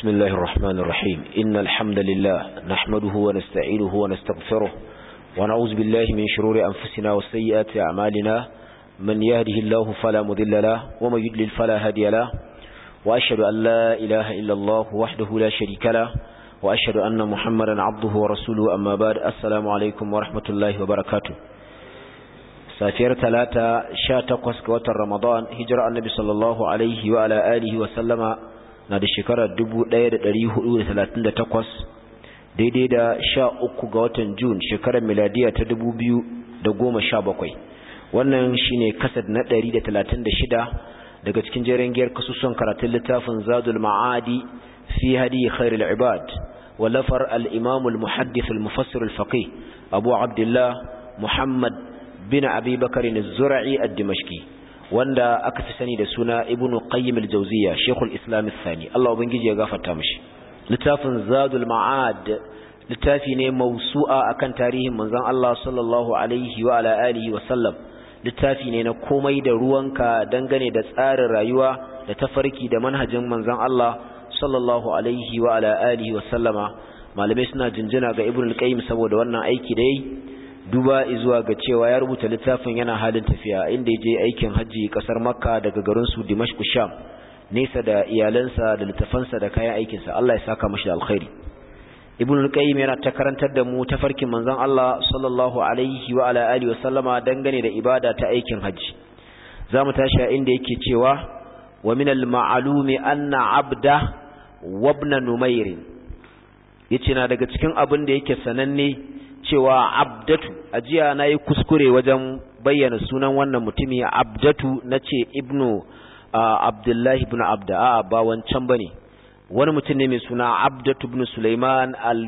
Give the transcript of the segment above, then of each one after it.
بسم الله الرحمن الرحيم إن الحمد لله نحمده ونستعينه ونستغفره ونعوذ بالله من شرور أنفسنا وسيئات أعمالنا من يهده الله فلا مذل له ومن يدلل فلا هادي له وأشهد أن لا إله إلا الله وحده لا شريك له وأشهد أن محمدا عبده ورسوله أما بعد السلام عليكم ورحمة الله وبركاته سافر ثلاثة شاتق وسكوة رمضان هجر النبي صلى الله عليه وعلى آله وسلم alihi na da shekarar 1438 daidai da 13 ga watan Jun shekarar miladiya ta 2017 wannan shine kasad na 136 daga cikin jerin giyar kasusun karatun littafin Zadul Ma'adi fi hadi khairul ibad walafar al-imam al-muhaddith al-mufassir al-faqih Abu Abdullah Muhammad bin Abi Bakr az-Zura'i ad-Dimashqi wanda aka fi sani da suna ibnu qayyim al-jawziyya shaykhul islam al-thani Allah ubangiji ya gafarta mishi littafin zadul ma'ad littafi ne mausu'a akan tarihin manzon Allah sallallahu alaihi wa ala alihi wa sallam littafi ne na komai da ruwanka dangane da tsarin rayuwa da tafarki da manhajin manzon Allah sallallahu alaihi wa ala alihi wa sallama malamai suna jinjina ga Ibn qayyim saboda wannan aiki da yayi duba zuwa ga cewa ya rubuta littafin yana halin tafiya inda ya je aikin hajji kasar makka daga garin su dimashku sham nesa da iyalansa da littafansa da kayan aikinsa Allah ya saka mashi da alkhairi ibn al yana ta karantar da mu ta farkin manzon Allah sallallahu alaihi wa ala wa sallama dangane da ibada ta aikin hajji zamu tashi a inda yake cewa wa min al-ma'lumi anna 'abda wa ibn numayr yace na daga cikin abin da yake sananne cewa abdatu ajiya na yi kuskure wajen bayyana sunan wannan mutumi abdatu na ce ibnu abdullahi ibn abda a ba wancan ba ne wani mutum ne mai suna abdatu ibn suleiman al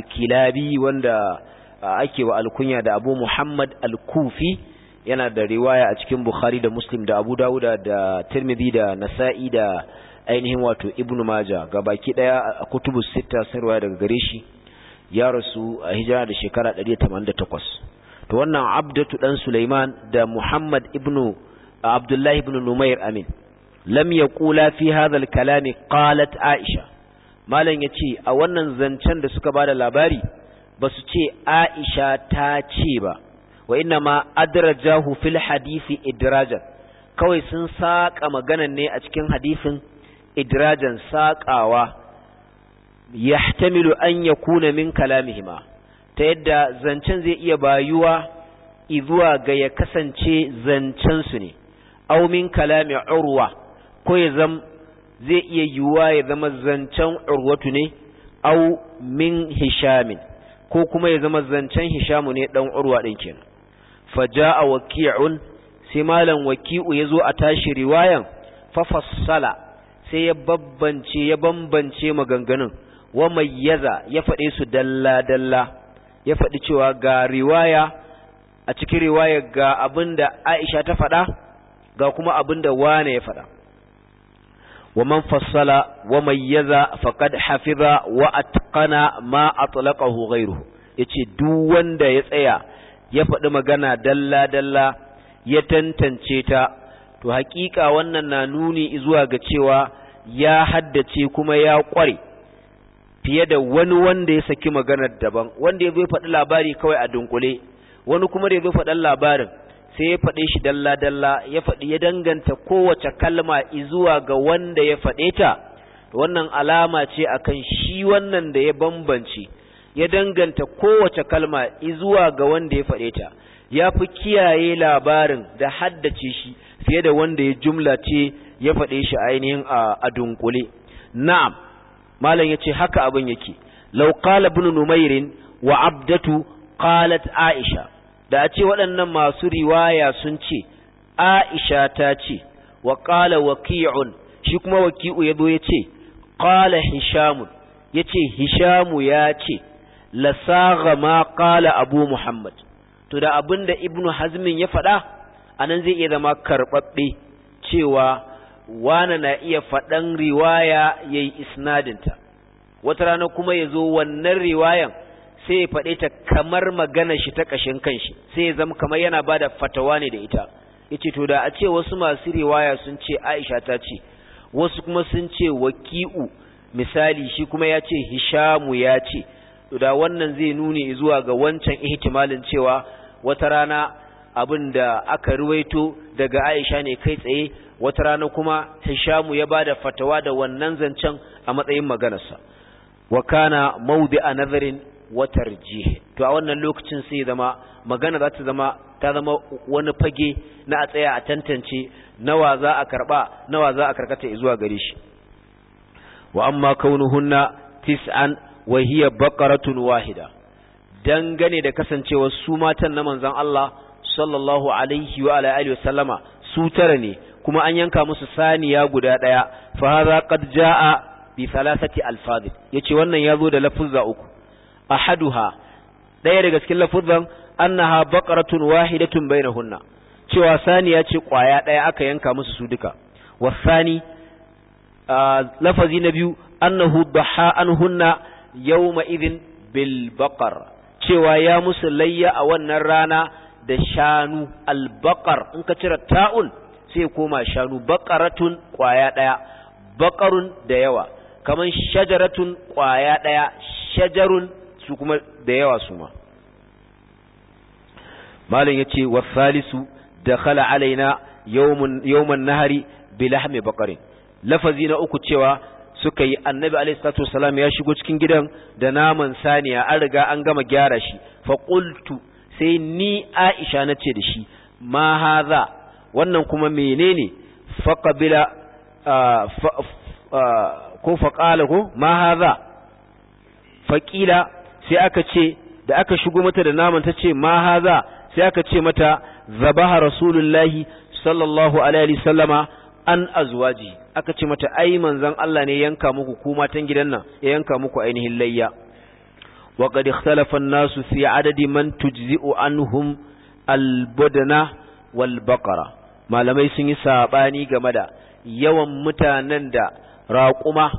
wanda ake wa alkunya da abu muhammad al-kufi yana da riwaya a cikin bukhari da muslim da abu dawuda da tirmidhi da nasa'i da ainihin wato ibnu maja ga baki daya a kutubu sita sarwa daga gare shi ya rasu a hijira da shekara 188 to wannan abdatu dan Sulaiman da Muhammad ibn Abdullahi Ibnu Numair amin lam yaqula fi hadha al qalat Aisha malam yace a wannan zancen da suka bada labari basu ce Aisha ta ce ba wa inna ma adrajahu fil hadisi idrajan kawai sun saka maganan ne a cikin hadisin idrajan sakawa yahtamilu an yakuna min kalamihima ta yadda zancen zai iya bayuwa izuwa ga ya kasance zancen su ne aw min kalami urwa ko ya zam zai iya yiwuwa ya zama zancen urwatu ne aw min hishamin ko kuma ya zama zancen hishamu ne dan urwa din kenan faja'a waqi'un sai malam waqi'u yazo a tashi riwayan fa fassala sai ya babbance ya bambance maganganun wa mayyaza ya faɗe su dalla dalla ya faɗi cewa ga riwaya a cikin riwaya ga abin da Aisha ta faɗa ga kuma abin da wane ya faɗa wa man fassala wa mayyaza faqad hafiza wa atqana ma atlaqahu ghayruhu yace duk wanda ya tsaya ya faɗi magana dalla dalla ya tantance ta to hakika wannan na nuni zuwa ga cewa ya haddace kuma ya ƙware fiye da wani wanda ya saki maganar daban wanda ya zo faɗi labari kawai a dunkule wani kuma da ya zo faɗan labarin sai ya faɗe shi dalla-dalla ya faɗi ya danganta kowace kalma zuwa ga wanda ya faɗe ta wannan alama ce akan shi wannan da ya bambance ya danganta kowace kalma zuwa ga wanda ya faɗe ta ya fi kiyaye labarin da haddace shi fiye da wanda ya jumla ce ya faɗe shi ainihin a dunkule na'am malam yace haka abin yake law qala ibn numayr wa abdatu qalat aisha da a ce waɗannan masu riwaya sun ce aisha ta ce wa qala waqi'un shi kuma waqi'u yazo yace qala hisham yace hishamu ya ce la saga ma qala abu muhammad to da abinda ibnu hazmin ya faɗa anan zai iya zama karɓaɓɓe cewa wane na iya faɗan riwaya ya yi isnadinta wata rana kuma ya zo wannan riwayan sai ya faɗe ta kamar magana shi ta ƙashin kanshi sai ya zama kamar yana ba da fatawa ne da ita ya to da a ce wasu masu riwaya sun ce aisha ta ce wasu kuma sun ce waki'u misali shi kuma ya ce hishamu ya ce to da wannan zai nuni zuwa ga wancan ihtimalin cewa wata rana abin da aka ruwaito daga Aisha ne kai tsaye wata rana kuma Hishamu ya bada fatawa da wannan zancen a matsayin maganarsa wa kana a nazarin wa tarjih to a wannan lokacin sai zama magana za ta zama ta zama wani fage na a tsaya a tantance nawa za a karba nawa za a karkata zuwa gare shi wa amma kaunuhunna tis'an wa hiya baqaratun wahida dangane da kasancewar su matan na manzon Allah sallallahu alaihi wa ala alihi wasallama su tara ne kuma an yanka musu saniya guda daya fa hadha qad jaa bi thalathati alfaz yace wannan yazo da lafuzza uku ahaduha daya daga cikin lafuzzan annaha baqaratun wahidatun bainahunna cewa saniya ce kwaya daya aka yanka musu su duka wasani lafazi na biyu annahu dhaha anhunna yawma idhin bil baqar cewa ya musu layya a wannan rana da shanu albakar in ka cire ta'un sai koma shanu bakaratun kwaya daya bakarun da yawa kaman shajaratun kwaya daya shajarun su kuma da yawa su ma malin yace wa salisu khala alaina yawmun yawman nahari bilahmi bakarin lafazi na uku cewa suka yi annabi alaihissalatu ya shigo cikin gidan da naman saniya an riga an gama gyara shi fa sai ni aisha na ce da shi ma haza wannan kuma menene faqabila ko faƙala ko ma haza faƙila sai aka ce da aka shigo mata da naman ta ce ma haza sai aka ce mata zabaha rasulullahi sallallahu alaihi sallama an azwaji aka ce mata ai manzon Allah ne yanka muku ku matan gidan nan ya yanka muku ainihin layya nasu وقد اختلف الناس في عدد من تجزئ عنهم البدنة والبقرة ما لم يسن ساباني قمدا يوم متانندا راقمة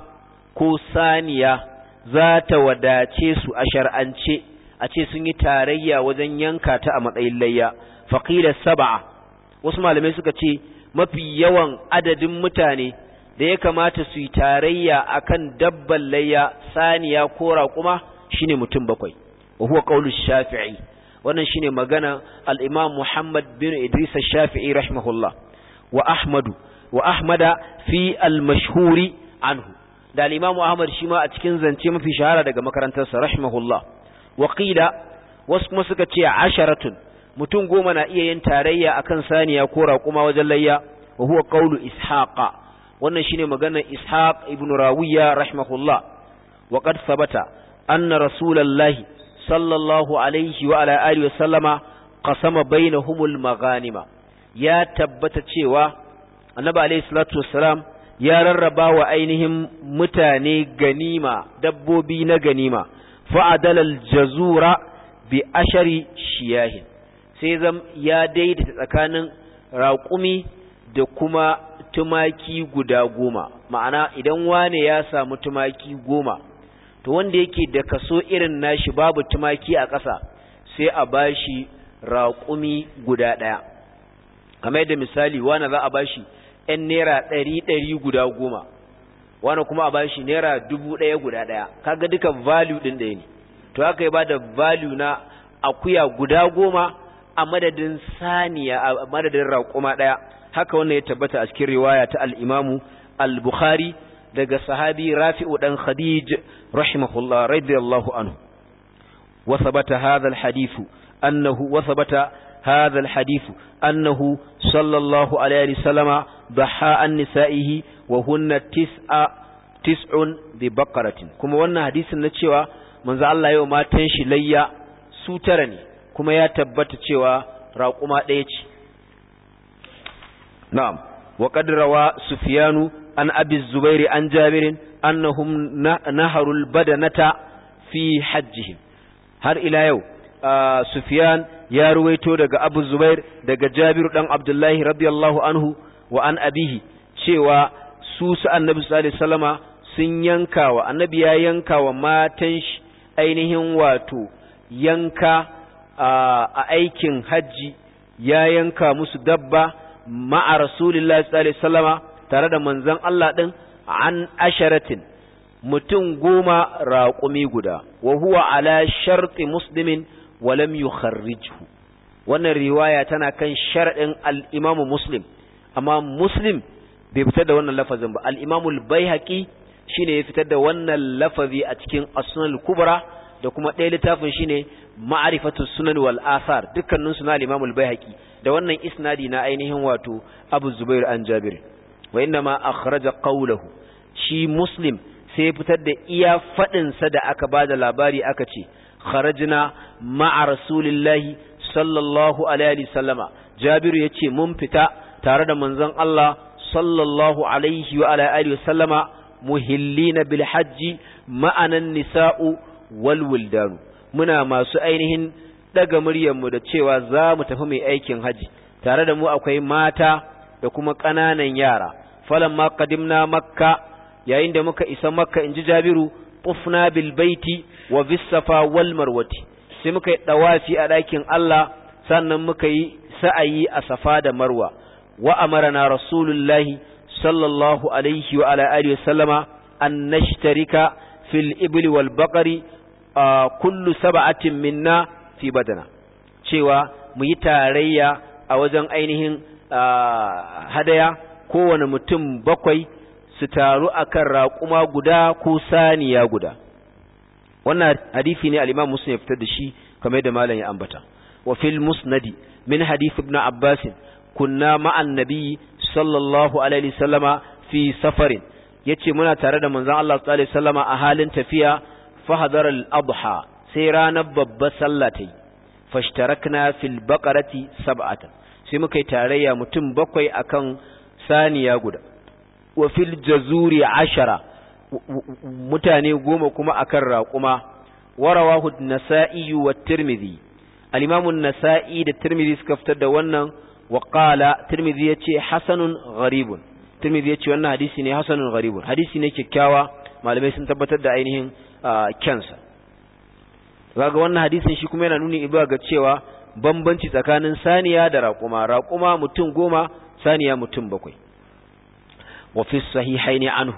كوسانية ذات وداتيس أشرعنشي ace sun yi tarayya wajen yanka ta a matsayin layya faqila sab'a wasu malamai suka ce mafi yawan adadin mutane da ya kamata su yi tarayya akan dabban layya saniya ko raƙuma shine mutum bakwai wa huwa qaulu shafi'i wannan shine magana al-imam Muhammad bin Idris shafi'i rahimahullah wa Ahmadu wa Ahmada fi al-mashhuri anhu da al-imam Ahmad shi ma a cikin zance mafi shahara daga makarantarsa rahimahullah wa qila wasu kuma suka ce asharatun mutum goma na iya yin tarayya akan saniya ko raƙuma wajen layya wa huwa qaulu ishaqa wannan shine maganar ishaq ibn rawiya rahimahullah wa qad sabata anna rasulallahi sallallahu alaihi wa ala alihi wasallama qasama bainahumul maghanima ya tabbata cewa annabi alaihi salatu wassalam ya rarraba wa ainihin mutane ganima dabbobi na ganima fa'adalal jazura biashari ashari shiyahin sai zam ya daidaita tsakanin raƙumi da kuma tumaki guda goma ma'ana idan wane ya samu tumaki goma to wanda yake da kaso irin nashi babu tumaki a ƙasa sai a bashi raƙumi guda ɗaya kamar yadda misali wani za a bashi ‘yan naira ɗari ɗari guda goma wani kuma a bashi naira dubu ɗaya guda ɗaya kaga duka value ɗin ɗaya ne to haka ya ba da value na akuya guda goma a madadin saniya a madadin raƙuma ɗaya haka wannan ya tabbata a cikin riwaya ta al'imamu al-bukhari daga sahabi rafi'u dan khadij rahimahullah radiyallahu anhu wasabata sabata hadha annahu wasabata sabata hadha annahu sallallahu alaihi wasallama dhaha an nisa'ihi wa hunna tis'a tis'un bi baqaratin kuma wannan hadisin na cewa manzo Allah yau matan shi layya su tara ne kuma ya tabbata cewa raƙuma ɗaya ce na'am wa qad rawa sufyanu an abi zubairi an jabirin annahum naharul badanata fi hajjihim har ila yau sufyan ya ruwaito daga abu zubair daga jabiru dan abdullahi radiyallahu anhu wa an abihi cewa su su annabi sallallahu sun yanka wa annabi ya yanka wa matan shi ainihin wato yanka a aikin hajji ya yanka musu dabba ma'a rasulullahi sallallahu alaihi tare da manzon Allah ɗin an asharatin mutum goma raƙumi guda wa huwa ala sharti muslimin walam lam wannan riwaya tana kan sharadin al'imamu imam Muslim amma Muslim bai fitar da wannan lafazin ba Al'imamul bai al shine ya fitar da wannan lafazi a cikin as kubra da kuma ɗaya littafin shine ma'arifatus sunan wal asar dukkanin su na al-Imam da wannan isnadi na ainihin wato Abu Zubair an Jabir wa inna ma kharaja qawluhu shi muslim sai fitar da iya faɗinsa sa da aka ba da labari aka ce kharajna ma'a rasulillahi sallallahu alaihi wasallama jabiru ce mun fita tare da manzon Allah sallallahu alaihi wa alihi wasallama muhillina bil hajji ma'anan nisa'u wal muna masu ainihin daga muryarmu da cewa za mu tafi mai aikin haji tare da mu akwai mata da kuma ƙananan yara falamma qadimna makka yayin da muka isa makka inji jabiru tufna bil baiti wa bis wal marwati sai muka yi dawafi a ɗakin Allah sannan muka yi sa'ayi a safa da marwa wa amarana rasulullahi sallallahu alaihi wa ala alihi sallama an nashtarika fil ibli wal baqari kullu sab'atin minna fi badana cewa mu yi tarayya a wajen ainihin hadaya kowane mutum bakwai su taru akan raƙuma guda ko saniya guda wannan hadisi ne al-Imam Muslim ya fitar da shi kamar da malam ya ambata wa fil musnadi min hadith ibn Abbas kunna ma'an nabi sallallahu alaihi sallama fi safarin yace muna tare da manzon Allah sallallahu alaihi Sallama a halin tafiya fa Abha al-adha sai ranar babba sallah ta yi fashtarakna fil baqarati sab'atan sai muka yi tarayya mutum bakwai akan saniya guda wa fil jazuri ashara mutane goma kuma akan raƙuma warawahu nasa'i wa tirmidhi al-imamu nasa'i da tirmidhi suka fitar da wannan wa qala tirmidhi yace hasanun gharibun tirmidhi yace wannan hadisi ne hasanun gharibun hadisi ne kikkiawa malamai sun tabbatar da ainihin kansa kaga wannan hadisin shi kuma yana nuni zuwa ga cewa bambanci tsakanin saniya da raƙuma raƙuma mutum goma saniya mutum bakwai Wafi sahihai ne anhu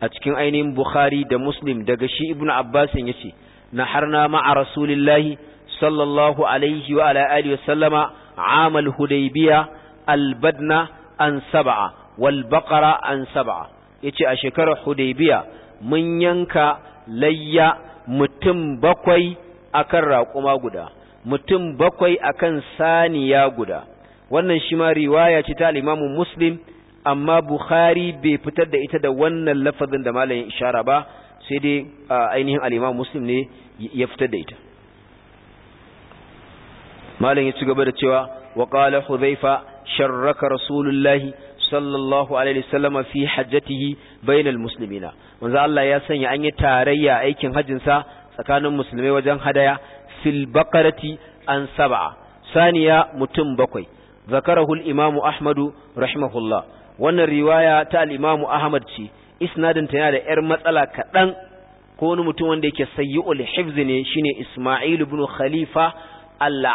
a cikin ainihin bukhari da muslim daga shi ibnu abbasin yace naharna ma'a rasulillahi sallallahu alaihi wa ala wa sallama amal hudaybiya albadna an sab'a wal baqara an sab'a yace a shekarar hudaybiya mun yanka layya mutum bakwai akan raƙuma guda mutum bakwai akan saniya guda wannan shi ma riwaya ce ta al-Imam Muslim amma Bukhari bai fitar da ita da wannan lafazin da malamin ishara ba sai dai ainihin al Muslim ne ya fitar da ita malamin ya ci gaba da cewa wa qala Hudhaifa sharraka Rasulullahi sallallahu alaihi wasallam fi hajjatihi bainal musulmina wanzu Allah ya sanya an yi tarayya aikin hajjin sa tsakanin musulmai wajen hadaya fil baqarati an sab'a saniya mutum bakwai zakarahu al-imam ahmad rahimahullah wannan riwaya ta al ahmad ce isnadin ta yana da yar matsala kaɗan ko wani mutum wanda yake sayyul hifz ne shine isma'il ibn khalifa al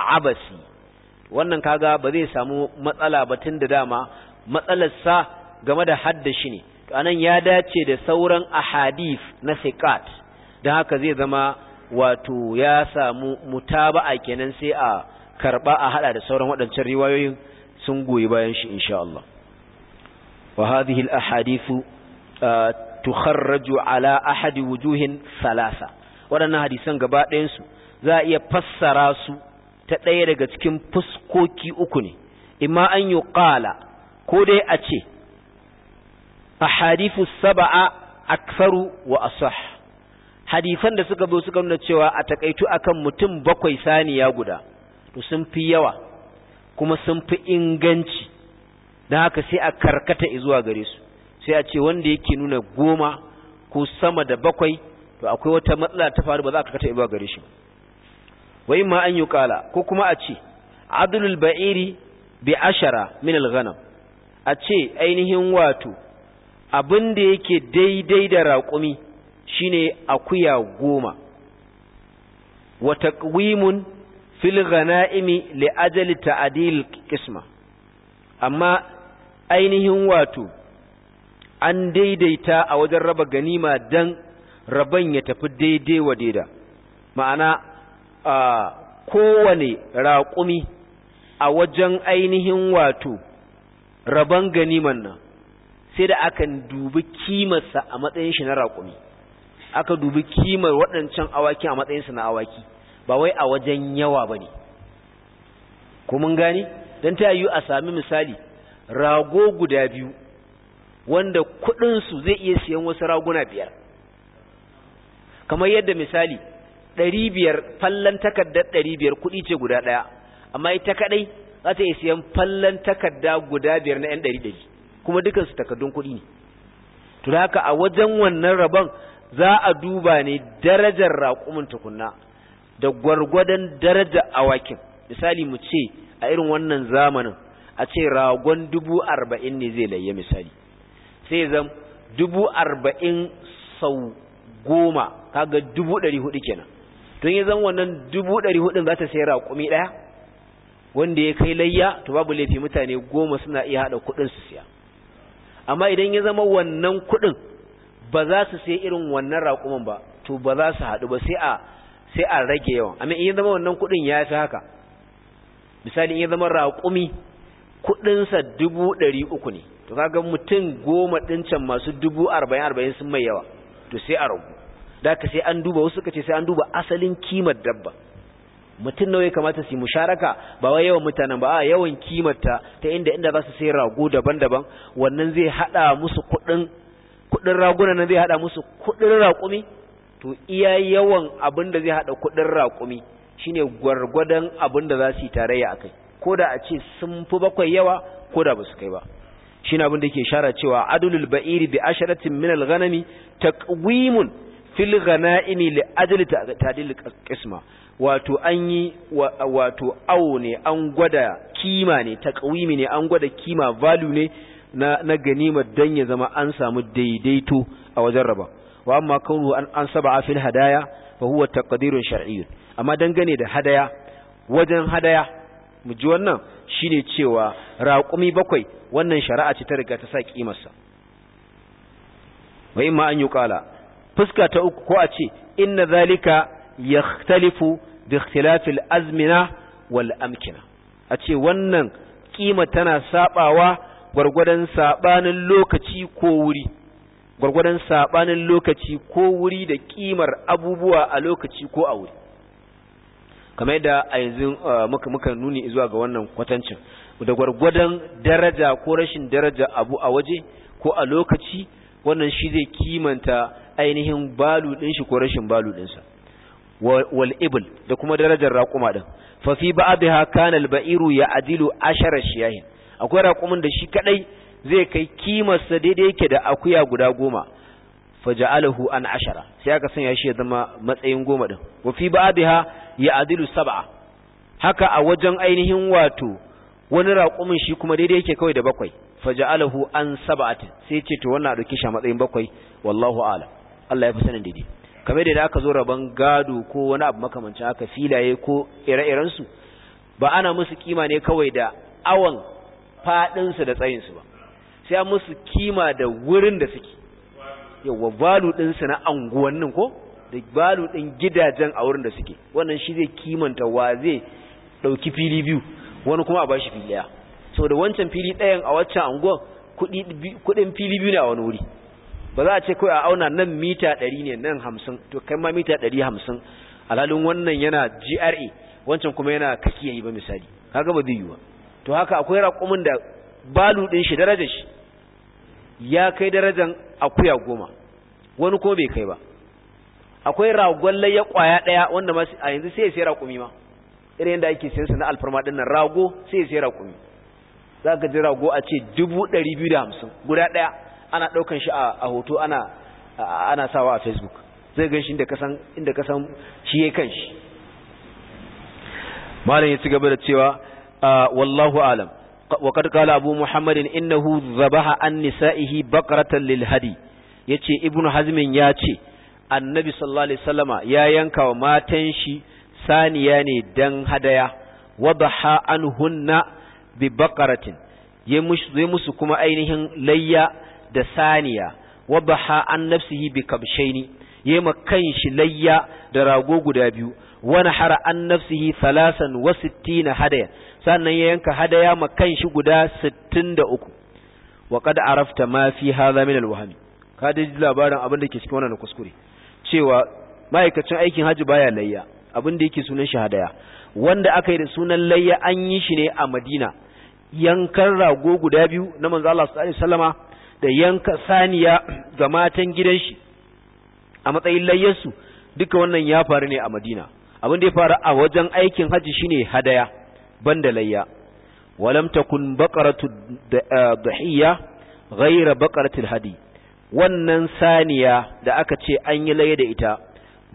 wannan kaga ba zai samu matsala ba tun da dama matsalar sa game da haddashi ne anan ya dace da sauran ahadith na sikat da haka zai zama wato ya samu mutaba'a kenan sai a karba a hada da sauran waɗancan riwayoyin sun goyi bayan shi insha Allah wa hadhihi al ahadithu uh, tukharraju ala ahadi wujuhin salasa waɗannan hadisan gaba ɗayan su za a iya fassara su ta ɗaya daga cikin fuskoki uku ne imma an yi ƙala ko dai a ce a saba'a aksaru wa asah hadifan da suka zo suka nuna cewa a takaitu akan mutum bakwai saniya guda to sun fi yawa kuma sun fi inganci don haka sai a karkata zuwa gare su sai a ce wanda yake nuna goma ko sama da bakwai to akwai wata matsala ta faru ba za a karkata zuwa gare shi wa ma an yi kala ko kuma a ce adulul ba'iri bi ashara min al-ghanam a ce ainihin wato abin da yake daidai da raƙumi shine akuya goma wa taqwimun fil ghana'imi li ajali ta'dil qisma amma ainihin wato an daidaita a wajen raba ganima dan raban ya tafi daidai wa daida ma'ana kowane raƙumi a wajen ainihin wato raban ganiman nan sai da aka dubi kimarsa a matsayin shi na raƙumi aka dubi kimar waɗancan awaki a su na awaki ba wai a wajen yawa ba ne Kuma mun gane don ta yiwu a sami misali rago guda biyu wanda kuɗinsu zai iya siyan wasu raguna biyar kamar yadda misali ɗari biyar fallon takardar ɗari biyar kuɗi ce guda ɗaya amma ita kaɗai za ta iya siyan fallon takarda guda biyar na 'yan ɗari ɗari kuma dukansu takardun kuɗi ne to haka a wajen wannan rabon za a duba ne darajar raƙumin tukunna da gwargwadon daraja a awakin misali mu ce a irin wannan zamanin a ce ragon dubu arba'in ne zai laye misali sai zan dubu arba'in sau goma kaga dubu ɗari hudu kenan don ya zan wannan dubu ɗari hudun za ta sai raƙumi ɗaya wanda ya kai layya to babu laifi mutane goma suna iya haɗa kuɗin su siya amma idan ya zama wannan kuɗin ba za su sai irin wannan raƙumin ba to ba za su haɗu ba sai a sai a rage yawan amma in ya zama wannan kuɗin ya fi haka misali in ya zama raƙumi kuɗinsa dubu ɗari uku ne to kaga mutum goma ɗin can masu dubu arba'in arba'in sun mai yawa to sai a da ka sai an duba wasu kace sai an duba asalin kimar dabba mutum nawa ya kamata su yi musharaka ba wai yawan mutanen ba a yawan kimarta ta inda inda za su sai rago daban-daban wannan zai haɗa musu kuɗin kuɗin raguna nan zai haɗa musu kuɗin raƙumi to iya yawan abin da zai hada kudin raƙumi shine gwargwadon abin da za su yi tarayya akai ko da a ce sun fi bakwai yawa ko da ba su kai ba shine abin da yake shara cewa adulul ba'iri bi asharatin min al-ghanami taqwimun fil ghanaimi li ajli ta'dil qisma wato an yi wato awo ne an gwada kima ne taqwimi ne an gwada kima value ne na na ganimar dan ya zama an samu daidaito a wajen raba wa amma kaunu an ansaba fil hadaya fa huwa taqdirun shar'iyyun amma dangane da hadaya wajen hadaya mu ji wannan shine cewa raƙumi bakwai wannan shari'a ce ta riga ta sa kimarsa wa imma an yuqala fuska ta uku ko a ce inna zalika yakhtalifu bi al azmina wal amkina a ce wannan kima tana sabawa gurgurdan sabanin lokaci ko wuri gwargwadon saɓanin lokaci ko wuri da ƙimar abubuwa a lokaci ko a wuri kamar yadda a yanzu uh, muka muka nuni zuwa ga wannan kwatancin da gwargwadon daraja ko rashin daraja abu a waje ko a lokaci wannan shi zai kimanta ainihin balu ko rashin balu ɗinsa wal ibil da kuma darajar fafi din fa fi ba'dha kana al Ya-Adilu, ashara shiyahin akwai Raƙumin da shi kaɗai. zai kai kimarsa daidai yake da akuya guda goma faja'alahu an ashara sai aka sanya shi ya zama matsayin goma din wa fi ba'dha ya adilu sab'a haka a wajen ainihin wato wani raƙumin shi kuma daidai yake kawai da bakwai faja'alahu an sab'atin sai ce to wannan a shi a matsayin bakwai wallahu a'lam Allah ya fi sanin daidai kamar da aka zo rabon gado ko wani abu makamancin haka filaye ko ire iren su, ba ana musu kima ne kawai da awon faɗinsu da tsayinsu ba sai musu kima da wurin da suke yawa valu ɗinsu na nan ko da balu ɗin gidajen a wurin da suke wannan shi zai kimanta wa zai ɗauki fili biyu wani kuma a bashi fili ɗaya saboda wancan fili ɗayan a waccan anguwan kuɗin fili biyu ne a wani wuri ba za a ce kawai a auna nan mita ɗari ne nan hamsin to kai ma mita ɗari hamsin alhalin wannan yana GRA wancan kuma yana kakiyayi ba misali kaga ba zai yi ba to haka akwai raƙumin da balu ɗin shi darajar shi ya kai darajan akuya goma wani ko bai kai ba akwai ragon layya kwaya daya wanda ma a yanzu sai ya sayar raƙumi ma irin yadda ake sayan sa na alfarma din nan rago sai ya sayar raƙumi za ka ji rago a ce dubu ɗari biyu da hamsin guda ɗaya ana ɗaukan shi a hoto ana ana sawa a facebook zai gan shi inda kasan inda kasan shi ya kan shi malam ya ci da cewa ah, wallahu alam وقد قال أبو محمد إنه ذبح عن نسائه بقرة للهدي يتي ابن حزم ياتي النبي صلى الله عليه وسلم يا ينكا وما تنشي ثانياني دن هدايا وضحى عنهن ببقرة يمس كما أينهن ليا دسانيا وضحى عن نفسه بكبشين يما كنش ليا دراغو قدابيو ونحر عن نفسه ثلاثا وستين هدايا sannan ya yanka hadaya ma kan shi guda uku wa kada arafta ma fi hadha min al ka ka ji labarin abin da ke cikin wannan kuskure cewa ma'aikacin aikin haji baya layya abin da yake sunan shi hadaya wanda aka yi da sunan layya an yi shi ne a Madina yankan rago guda biyu na manzo Allah sallallahu alaihi wasallama da yanka saniya ga matan gidan shi a matsayin layyarsu duka wannan ya faru ne a Madina abin da ya faru a wajen aikin haji shine hadaya da layya walam takun baqaratu dhiyya ghayra baqaratil hadi wannan saniya da aka ce an yi layya da ita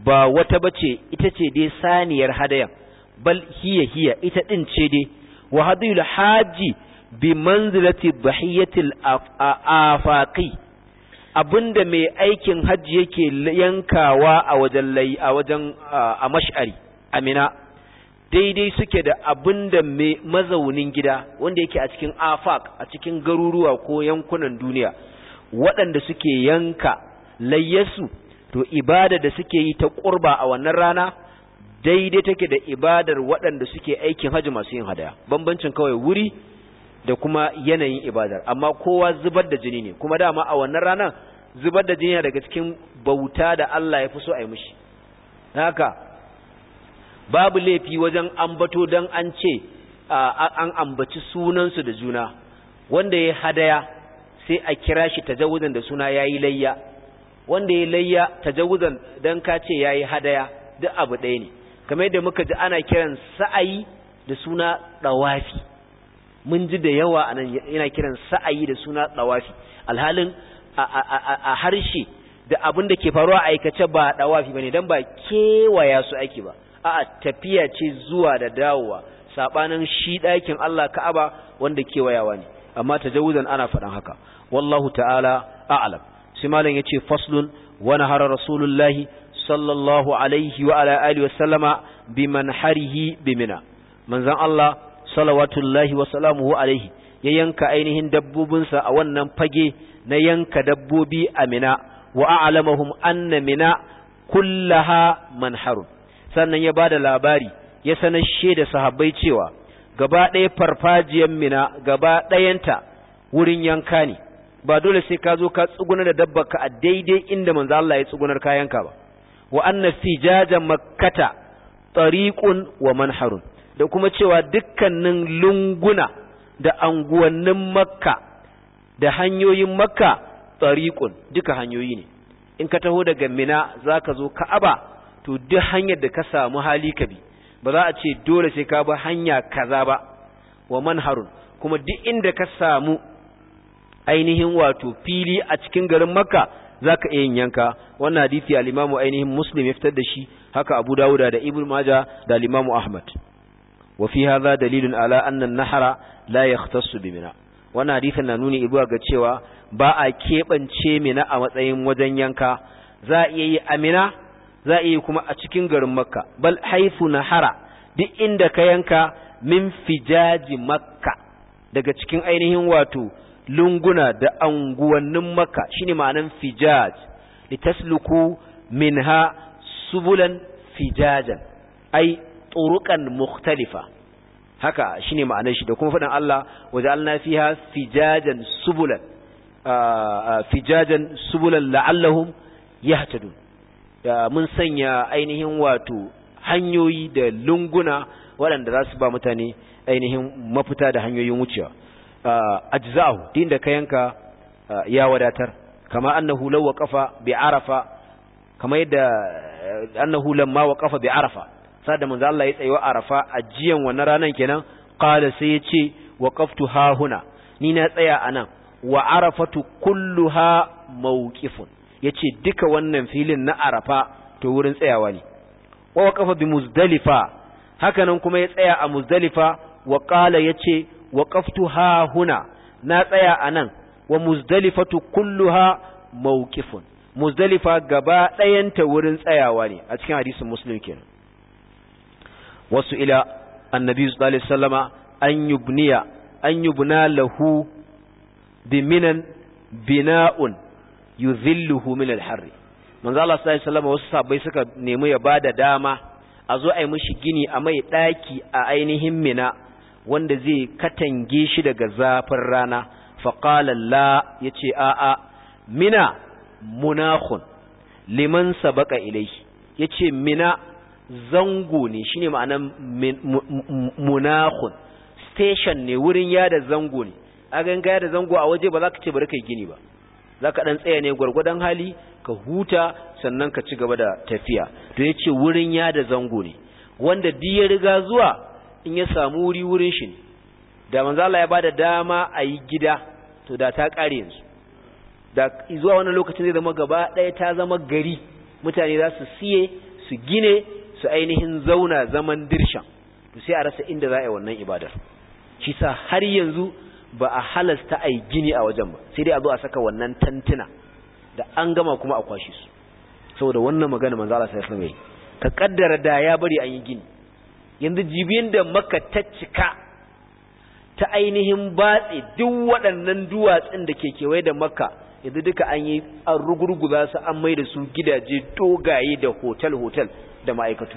ba wata bace ita ce dai saniyar hadaya bal hiya hiya ita din ce dai wa hadiyul haji bi manzilati dhahiyatil afaqi abinda mai aikin hajji yake yankawa a wajen a wajen a mash'ari amina daidai suke da abin da mazaunin gida wanda yake a cikin afak a cikin garuruwa ko yankunan duniya waɗanda suke yanka layyasu to ibada da suke yi ta ƙurba a wannan rana daidai take da ibadar waɗanda suke aikin hajji masu yin hadaya bambancin kawai wuri da kuma yanayin ibadar amma kowa zubar da jini ne kuma dama a wannan ranar zubar da jini daga cikin bauta da Allah ya fi so a yi mishi haka babu laifi wajen ambato dan an ce an ambaci sunansu da juna wanda ya hadaya sai a kira shi tajawuzan da suna yayi layya wanda ya layya tajawuzan dan ka ce yayi hadaya duk abu ɗaya ne kamar yadda muka ji ana kiran sa'ayi da suna dawafi mun ji da yawa anan yana kiran sa'ayi da suna dawafi alhalin a harshe da abin da ke faruwa aikace ba dawafi bane dan ba kewaya su aiki ba a'a tafiya ce zuwa da dawowa sabanin shi ɗakin Allah Ka'aba wanda ke wayawa ne amma tajawuzan ana faɗan haka wallahu ta'ala a'lam sai malam yace faslun wa nahara rasulullahi sallallahu alaihi wa ala alihi wa sallama bimanharihi bimina manzon Allah salawatullahi wa salamuhu alaihi ya yanka ainihin dabbobinsa a wannan fage na yanka dabbobi a mina wa a'lamahum anna mina kullaha manharun sannan ya ba da labari ya sanar da sahabbai cewa gaba ɗaya farfajiyar mina gaba ɗayanta wurin yanka ne ba dole sai ka zo ka tsugunar da dabba ka a daidai inda manzo Allah ya tsugunar kayanka ba wa anna sijaja makkata tariqun wa manharun da kuma cewa dukkanin lunguna da anguwannin makka da hanyoyin makka tariqun duka hanyoyi ne in ka taho daga mina zaka zo ka'aba to duk hanyar da ka samu hali ka bi ba za a ce dole sai ka bi hanya kaza ba wa manharun kuma duk inda ka samu ainihin wato fili a cikin garin makka za ka iya yin yanka wannan hadithi al'imamu ainihin muslim ya fitar da shi haka abu dawuda da ibn maja da al'imamu ahmad wa fi hadha dalilun ala anna nahara la yahtassu bi mina wannan hadithin na nuni ibuwa ga cewa ba a keɓance mina a matsayin wajen yanka za a iya yi a mina za a iya kuma a cikin garin makka bal haifu hara duk inda ka yanka min fijaji makka daga cikin ainihin wato lunguna da anguwannin makka shine ma'anan fijaj litasluku minha subulan fijajan ai turuqan mukhtalifa haka shine ma'anar shi da kuma faɗin Allah waja'alna fiha fijajan subulan fijajan subulan la'allahum yahtadun Da mun sanya ainihin wato hanyoyi da lunguna waɗanda za su ba mutane ainihin mafita da hanyoyin wucewa ajza'u din da ka yanka ya wadatar kama annahu lawa kafa bi arafa kama yadda eh, annahu lamma kafa bi arafa sada manzo Allah ya wa arafa ajiyan wannan ranan kenan qala sai ya ce waqaftu ha huna ni na tsaya anan wa arafatu kulluha mawqifun Ya ce duka wannan filin na arafa to wurin tsayawa ne wa waqafa bi muzdalifa hakanan kuma ya tsaya a muzdalifa wa qala yace waqaftu ha huna na tsaya anan wa muzdalifatu kulluha mawqifun muzdalifa gaba ɗayanta wurin tsayawa ne a cikin hadisin muslim kenan wasu ila annabi sallallahu alaihi wasallama an yubniya an yubna bina'un yuzilluhu min al-harr manzo Allah sallallahu alaihi wasallam wasu sabai suka nemi ya bada dama a zo a yi mishi gini a mai daki a ainihin mina wanda zai katange shi daga zafin rana faqala la yace a a mina munakhun liman sabaka ilayhi yace mina zango ne shine ma'anan munakhun station ne wurin yada zango ne a ganga yada zango a waje ba za ka ce bari kai gini ba Za ka ɗan tsaya ne gwargwadon hali ka huta sannan ka ci gaba da tafiya to yace wurin ya da zango ne wanda di ya riga zuwa in ya samu wuri wurin shi ne da manzo Allah ya bada dama a yi gida to da ta kare yanzu da zuwa wannan lokacin zai zama gaba ɗaya ta zama gari mutane za su siye su gine su ainihin zauna zaman dirshan to sai a rasa inda za a yi wannan ibadar shi sa har yanzu ba a halasta a yi gini a wajen ba sai dai a zo a saka wannan tantuna da an gama kuma a kwashe su saboda wannan magana manzo Allah sai sai ka kaddara da ya bari an yi gini yanzu jibin da maka ta cika ta ainihin batse duk waɗannan duwatsun da ke kewaye da maka yanzu duka an yi an rugurguza su an mai da su gidaje dogaye da hotel-hotel da ma'aikatu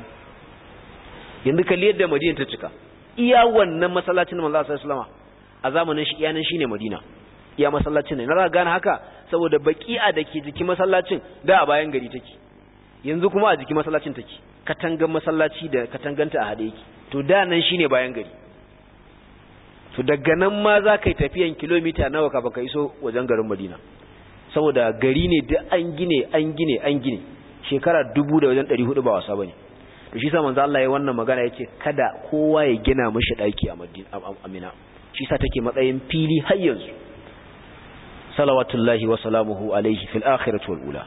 yanzu kalli yadda madina ta cika iya wannan masallacin manzo Allah sai a zamanin shi iyanin shine Madina iya masallacin ne na za gane haka saboda baki'a da ke jikin masallacin da a bayan gari take yanzu kuma a jikin masallacin take katangan masallaci da katanganta a haɗe yake to da nan shine bayan gari to daga nan ma za ka yi tafiyan kilomita nawa ka baka iso wajen garin Madina saboda gari ne duk an gine an gine an gine shekara dubu da wajen ɗari hudu ba wasa ba ne to shi sa manzo Allah ya wannan magana ya ce kada kowa ya gina mashi ɗaki a Madina shi sa take matsayin fili har yanzu salawatullahi wa salamuhu alayhi fil akhirati wal ula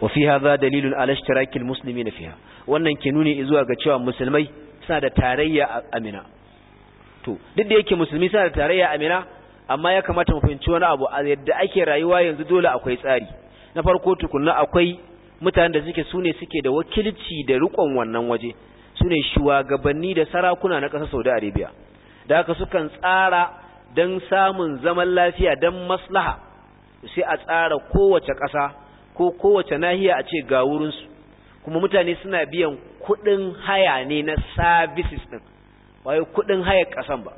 wa fi hadha dalilun ala ishtiraki al muslimin fiha wannan ke nuni zuwa ga cewa musulmai suna da tarayya amina to duk da yake musulmi suna da tarayya amina amma ya kamata mu fahimci wani abu a yadda ake rayuwa yanzu dole akwai tsari na farko tukunna akwai mutanen da suke sune suke da wakilci da rikon wannan waje sune shugabanni da sarakuna na ƙasar Saudi Arabia da haka sukan tsara don samun zaman lafiya don maslaha sai a tsara kowace ƙasa ko kowace nahiya a ce ga wurinsu kuma mutane suna biyan kuɗin haya ne na services ɗin wayo kuɗin haya ƙasan ba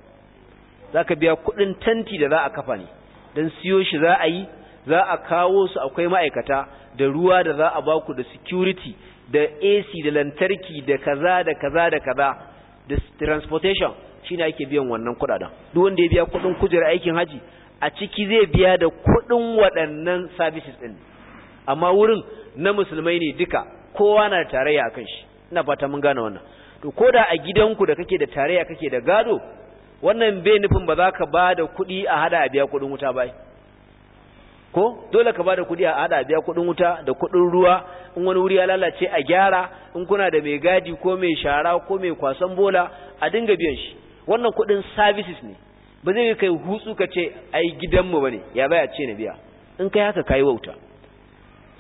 za ka biya kuɗin tanti da za a kafa ne don siyo shi za a yi za a kawo su akwai ma'aikata da ruwa da za a baku da security da ac da lantarki da kaza da kaza da kaza da transportation shine ake biyan wannan kudaden duk wanda ya biya kudin kujerar aikin haji a ciki zai biya da kudin waɗannan services din amma wurin na musulmai ne duka kowa na da tarayya akan shi ina fata mun gane wannan to koda a gidanku da kake da tarayya kake da gado wannan bai nufin ba za ka ba da kuɗi a hada a biya kuɗin wuta ba ko dole ka ba da kuɗi a hada a biya kuɗin wuta da kuɗin ruwa in wani wuri ya lalace a gyara in kuna da mai gadi ko mai shara ko mai kwasan bola a dinga biyan shi wannan kuɗin services ne ba zai kai hutsu ka ce ai gidanmu ba ne ya baya ce na biya in kai haka kayi wauta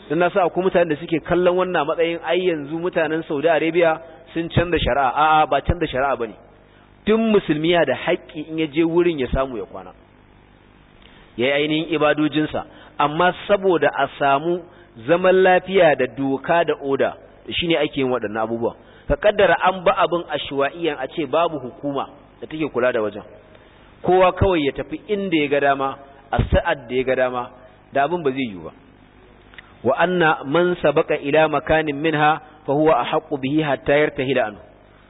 sun na sa ku mutanen da suke kallon wannan matsayin ai yanzu mutanen saudi arabia sun canza shari'a a'a ba canza shari'a bane ne duk musulmi ya da haƙƙi in ya je wurin ya samu ya kwana ya yi ainihin ibadojinsa amma saboda a samu zaman lafiya da doka da oda shine ake yin waɗannan abubuwa ka kaddara an ba abin ashwa'iyan a ce babu hukuma da take kula da wajen kowa kawai ya tafi inda ya ga dama a sa'ad da ya ga dama da abin ba zai yi ba wa anna man sabaka ila makanin minha fa huwa ahqqu bihi hatta yartahi la'an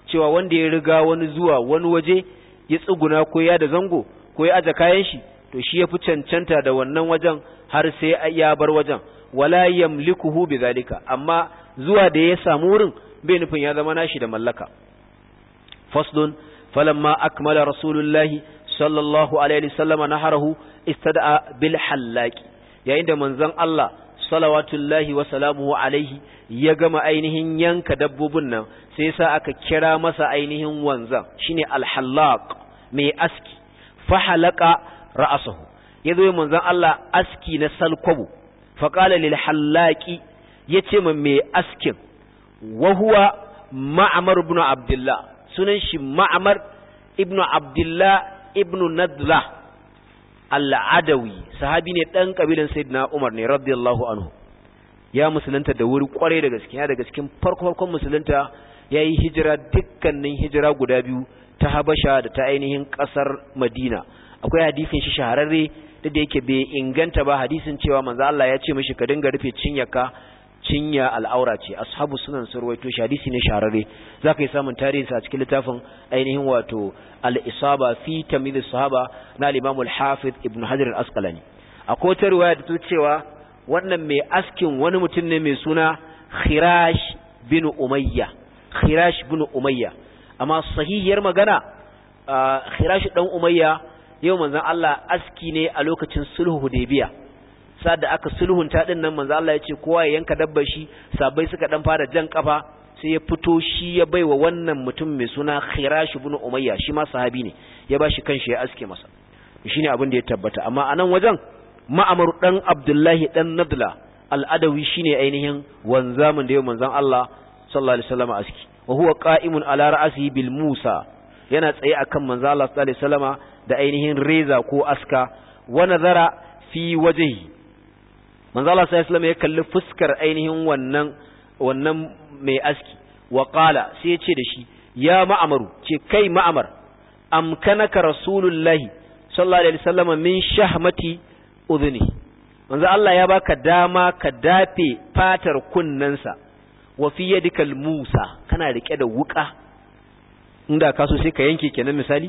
cewa wanda ya riga wani zuwa wani waje ya tsuguna ko ya da zango ko ya aje kayan shi to shi ya fi cancanta da wannan wajen har sai ya bar wajen wala yamlikuhu bizalika amma zuwa da ya samu wurin bai nufin ya zama nashi da mallaka faslun falamma akmala rasulullahi sallallahu alaihi wasallam naharahu istada'a bil hallaki yayin da manzon Allah salawatullahi wa salamuhu alaihi ya gama ainihin yanka dabbobin nan sai sa aka kira masa ainihin wanzan shine al mai aski fa halaka ra'sahu yazo manzon Allah aski na salkwabo fa qala lil hallaqi yace ma mai askin wa huwa ma'mar ibn abdullah sunan shi ma'amar Ibnu abdullah Ibnu nadla al'adawi sahabi ne ɗan ƙabilan sayyidina umar ne radiyallahu anhu ya musulunta da wuri kwarai da gaske ya daga cikin farko farkon musulunta ya yi hijira dukkanin hijira guda biyu ta habasha da ta ainihin ƙasar madina akwai hadisin shi shahararre da da yake bai inganta ba hadisin cewa manzo Allah ya ce mishi ka dinga rufe cinyarka cinya al'aura ce ashabu sunan sun rawaito shi hadisi ne shahararre zaka yi samun tarihin sa a cikin littafin ainihin wato al-isaba fi tamyiz sahaba na al-imam al-hafiz ibn hajar al-asqalani akwai ta riwaya da ta cewa wannan mai askin wani mutum ne mai suna khirash bin umayya khirash bin umayya amma sahihiyar magana ah, khirash dan umayya yau manzon Allah aski ne a lokacin sulhu hudaybiya sa da aka sulhunta din nan manzo Allah ya ce kowa ya yanka dabbar shi sabai suka dan fara jan kafa sai ya fito shi ya baiwa wannan mutum mai suna Khirash ibn Umayya shi ma sahabi ne ya bashi kanshi ya aske masa shine abin da ya tabbata amma anan wajen ma'amar dan Abdullahi dan Nadla al-Adawi shine ainihin wanzamin da yau manzon Allah sallallahu alaihi wasallam aski wa huwa qa'imun ala bil Musa yana tsaye akan manzon Allah sallallahu alaihi da ainihin reza ko aska wa nazara fi wajhihi manzo Allah sallallahu alaihi ya kalli fuskar ainihin wannan wannan mai aski wa qala sai ya ce da shi ya ma'amaru ce kai ma'amar amkanaka rasulullahi sallallahu alaihi wasallam min shahmati udhni manzo Allah ya baka dama ka dafe fatar kunnensa wa fi yadikal musa kana rike da wuka inda ka so sai ka yanke kenan misali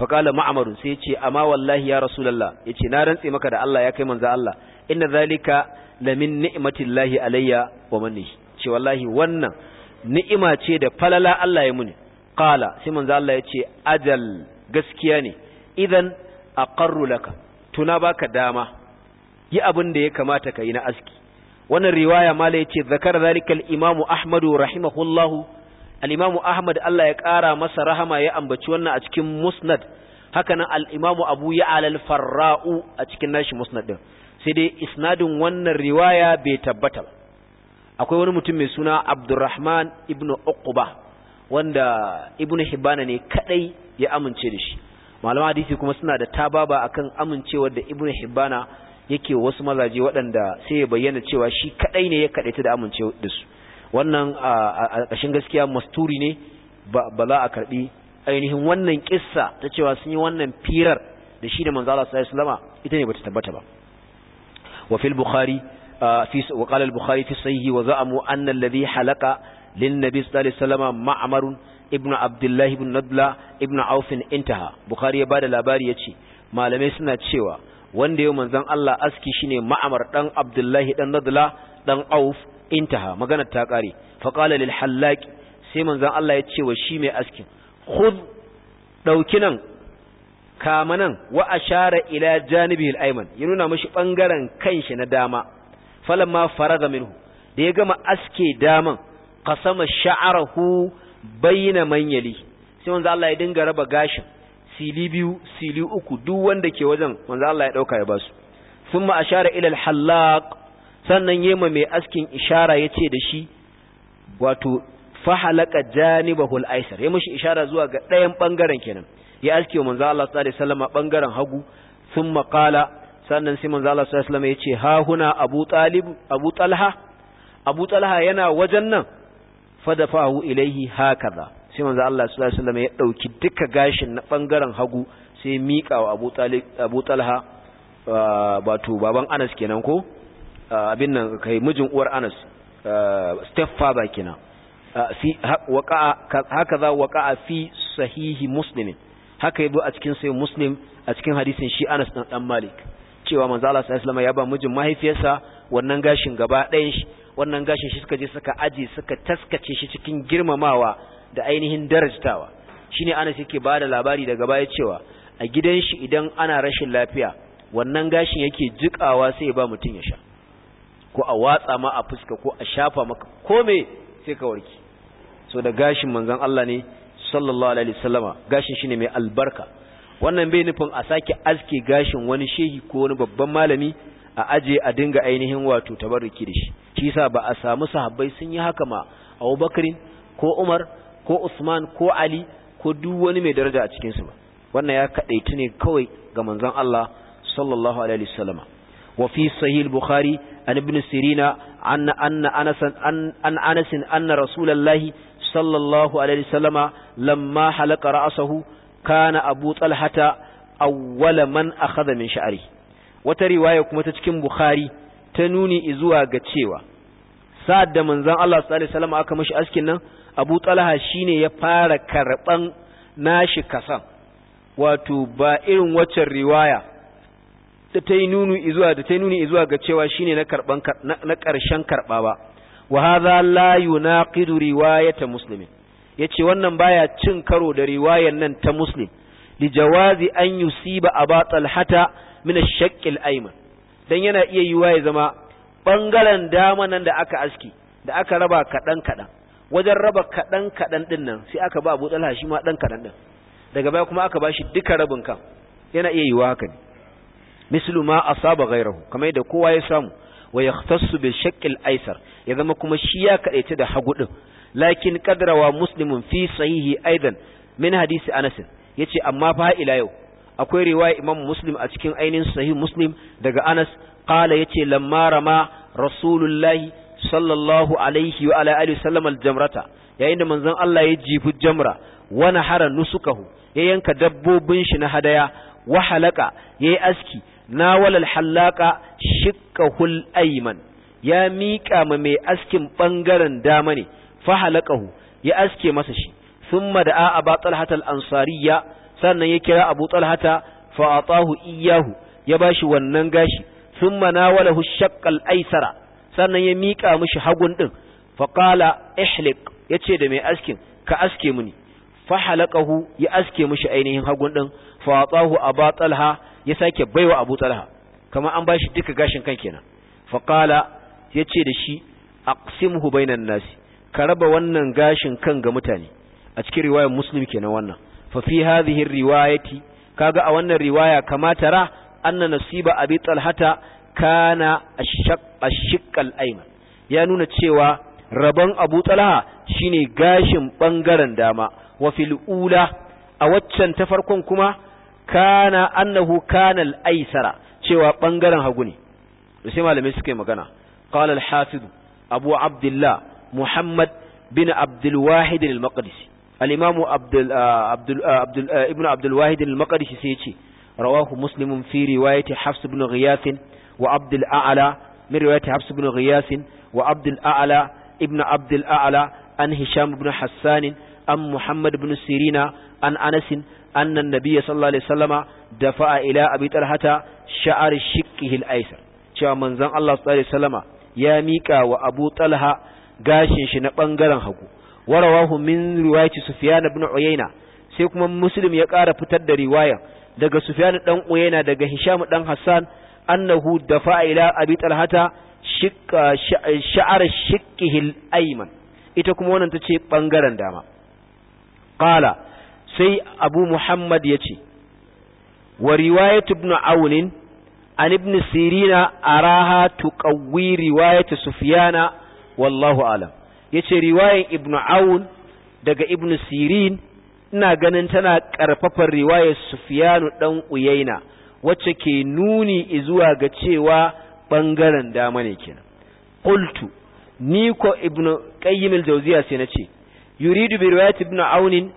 fa qala ma'amaru sai ya ce amma wallahi ya rasulullah yace na rantse maka da Allah ya kai manzo Allah inna zalika lamin ni'matillahi alayya wa manni ce wallahi wannan ni'ima ce da falala Allah ya muni qala sai manzo Allah ya ce ajal gaskiya ne idan aqarru laka tuna baka dama yi abin da ya kamata ka yi na aski wannan riwaya mala ce zakar zalikal imamu ahmadu rahimahullahu al-imamu ahmad Allah ya kara masa rahama ya ambaci wannan a cikin musnad haka nan al-imamu abu ya al-farra'u a cikin nashi musnad din sai dai isnadin wannan riwaya bai tabbata akwai wani mutum mai suna Abdurrahman ibn Uqba wanda Ibn Hibban ne kadai ya amince da shi malama hadisi kuma suna da tababa akan amincewar da Ibn Hibban yake wasu mazaje waɗanda sai ya bayyana cewa shi kadai ne ya kadaita da amince da su wannan a ƙashin gaskiya masturi ne ba za a karbi ainihin wannan kissa ta cewa sun yi wannan firar da shi da manzo Allah sallallahu alaihi wasallama ita ne bata tabbata ba وفي البخاري في وقال البخاري في صحيحه وزعموا أن الذي حلق للنبي صلى الله عليه وسلم معمر ابن عبد الله بن ندلة ابن عوف انتهى بخاري بعد labari yace malamai suna cewa wanda yau manzon Allah aski shine mamar dan Abdullahi dan Nadla dan Auf intaha magana ta kare fa qala lil sai manzon Allah ya ce wa shi mai askin Ku dauki nan Kamanan nan wa ashara ila janibi al-ayman ya nuna mishi bangaren kanshi na dama falamma faraga minhu da ya gama aske daman kasama sha'arahu bayna man yali sai manzo Allah ya dinga raba gashin sili biyu sili uku duk wanda ke wajen manzo Allah ya ɗauka ya basu thumma ashara ila al-hallaq sannan yema mai askin ishara yace da shi wato fahalaka janibahul al-aysar ya mashi ishara zuwa ga ɗayan bangaren kenan ya aske wa manzo Allah sallallahu alaihi wasallam bangaren hagu thumma qala sannan sai manzo Allah sallallahu alaihi wasallam yace ha huna Abu Talib Abu Talha Abu Talha yana wajen nan fadafahu ilaihi hakaza sai manzo Allah sallallahu alaihi wasallam ya dauki duka gashin na bangaren hagu sai mika wa Abu Talib Abu Talha wato baban Anas kenan ko abin nan kai mijin uwar Anas stepfather kenan fi waqa'a hakaza a fi sahihi muslimin haka yabo a cikin sai muslim a cikin hadisin shi Anas dan dan Malik cewa manzo Allah sallallahu alaihi wasallam ya ba mijin mahaifiyarsa wannan gashin gaba ɗayan shi wannan gashin shi suka je suka aje suka taskace shi cikin girmamawa da ainihin darajtawa shine Anas yake ba da labari daga baya cewa a gidan shi idan ana rashin lafiya wannan gashin yake jikawa sai ya ba mutun ya sha ko a watsa ma a fuska ko a shafa maka kome sai ka warke so da gashin manzon Allah ne sallallahu alaihi wasallama gashin shine mai albarka wannan bai nufin a sake aske gashin wani shehi ko wani babban malami a aje a dinga ainihin wato tabarruki da shi shi yasa ba a samu sahabbai sun yi haka ma Abubakar ko Umar ko Usman ko Ali ko duk wani mai daraja a cikin su ba wannan ya kadaitu ne kawai ga manzon Allah sallallahu alaihi wasallama wa fi sahih bukhari an ibn sirina an anna anas an anas anna rasulullahi sallallahu alaihi wasallama lamma halaka ra'asahu kana abu talhata awwala man akhadha min sha'ri wata riwaya kuma ta cikin bukhari ta nuni zuwa ga cewa sa'ad da manzon Allah sallallahu alaihi wasallam aka mishi askin nan abu talha shine ya fara karban nashi kasan wato ba irin waccan riwaya da ta yi nuni zuwa da ta yi nuni ga cewa na karshen karba ba wa hadha la yunaqidu riwayata Ya ce wannan baya cin karo da riwayar nan ta muslim li jawazi an yusiba aba hata min ash-shaqq al-ayman dan yana iya yiwa ya zama ɓangaren dama nan da aka aski da aka raba kaɗan-kaɗan. wajen raba kaɗan-kaɗan din nan sai aka ba Abu Talha shi ma dan kadan din daga baya kuma aka bashi duka rabin kan yana iya yiwa haka ne mislu ma asaba ghayrahu kamar da kowa ya samu wa yahtassu bil shaqq aisar ya zama kuma shi ya kadaice da hagu din lakin qadrawa muslimun fi sahihi aidan min hadisi anas yace amma fa ila yau akwai riwaya imam muslim a cikin ainihin sahih muslim daga anas qala yace lamma rama rasulullahi sallallahu alaihi wa ala alihi sallam aljamrata yayin da manzon Allah ya jifi jamra wa nahara nusukahu ya yanka dabbobin shi na hadaya wa halaka yayi aski nawala halaƙa shikkahul ayman ya miƙa ma mai askin ɓangaren dama ne fa halaqahu ya aske masa shi thumma da'a aba talhata ansariya sannan ya kira abu talhata fa iyahu iyyahu ya bashi wannan gashi thumma nawalahu shaqq al-aysara sannan ya mika mishi hagun ɗin fa ihlik ya yace da mai askin ka aske muni fa ya aske mishi ainihin hagun ɗin fa atahu talha ya sake baiwa abu talha Kamar an bashi duka gashin kan kenan fa ya yace da shi aqsimhu bainan nasi ka raba wannan gashin kan ga mutane a cikin riwayar muslim kenan wannan fa fi hadhihi riwayati kaga a wannan riwaya kamata ra anna nasiba abi talhata kana ashiqqal ayman ya nuna cewa rabon abu talha shine gashin bangaren dama wa fil ula a waccan ta farkon kuma kana annahu kana al-aisara cewa bangaren hagu ne sai malamai suka yi magana qala al-hafiz abu abdullah Muhammad bin Abdul Wahid al-Maqdisi al-Imam Abdul uh, Abdul uh, uh, Ibn Abdul Wahid al-Maqdisi sai rawahu Muslim fi riwayati Hafs ibn Ghiyath wa Abdul A'la min riwayati Hafs ibn Ghiyath wa Abdul A'la ibn Abdul A'la an Hisham ibn Hassan an Muhammad Sirina an Anas أن النبي صلى الله عليه وسلم دفع إلى أبي طلحة شعر شقه الأيسر cewa manzon Allah sallallahu alaihi wasallama ya mika wa Abu Talha gashin shi na bangaren hagu warawahu min riwayati sufyan ibn uyayna sai kuma muslim ya kara fitar da riwaya daga sufyan dan uyayna daga hisham dan hassan annahu dafa ila abi talhata sha'ar shikkihi al ita kuma wannan tace bangaren dama qala sai abu muhammad yace wa riwayat ibn aun an ibn sirina araha tuqawwi riwayat sufyana wallahu alam yace riwayan ibnu aun daga ibnu sirin ina ganin tana karfafar riwayar sufyanu dan uyaina wacce ke nuni zuwa ga cewa bangaren dama ne kenan qultu ni ko ibnu qayyim al-jawziya sai nace yuridu bi riwayat ibnu aun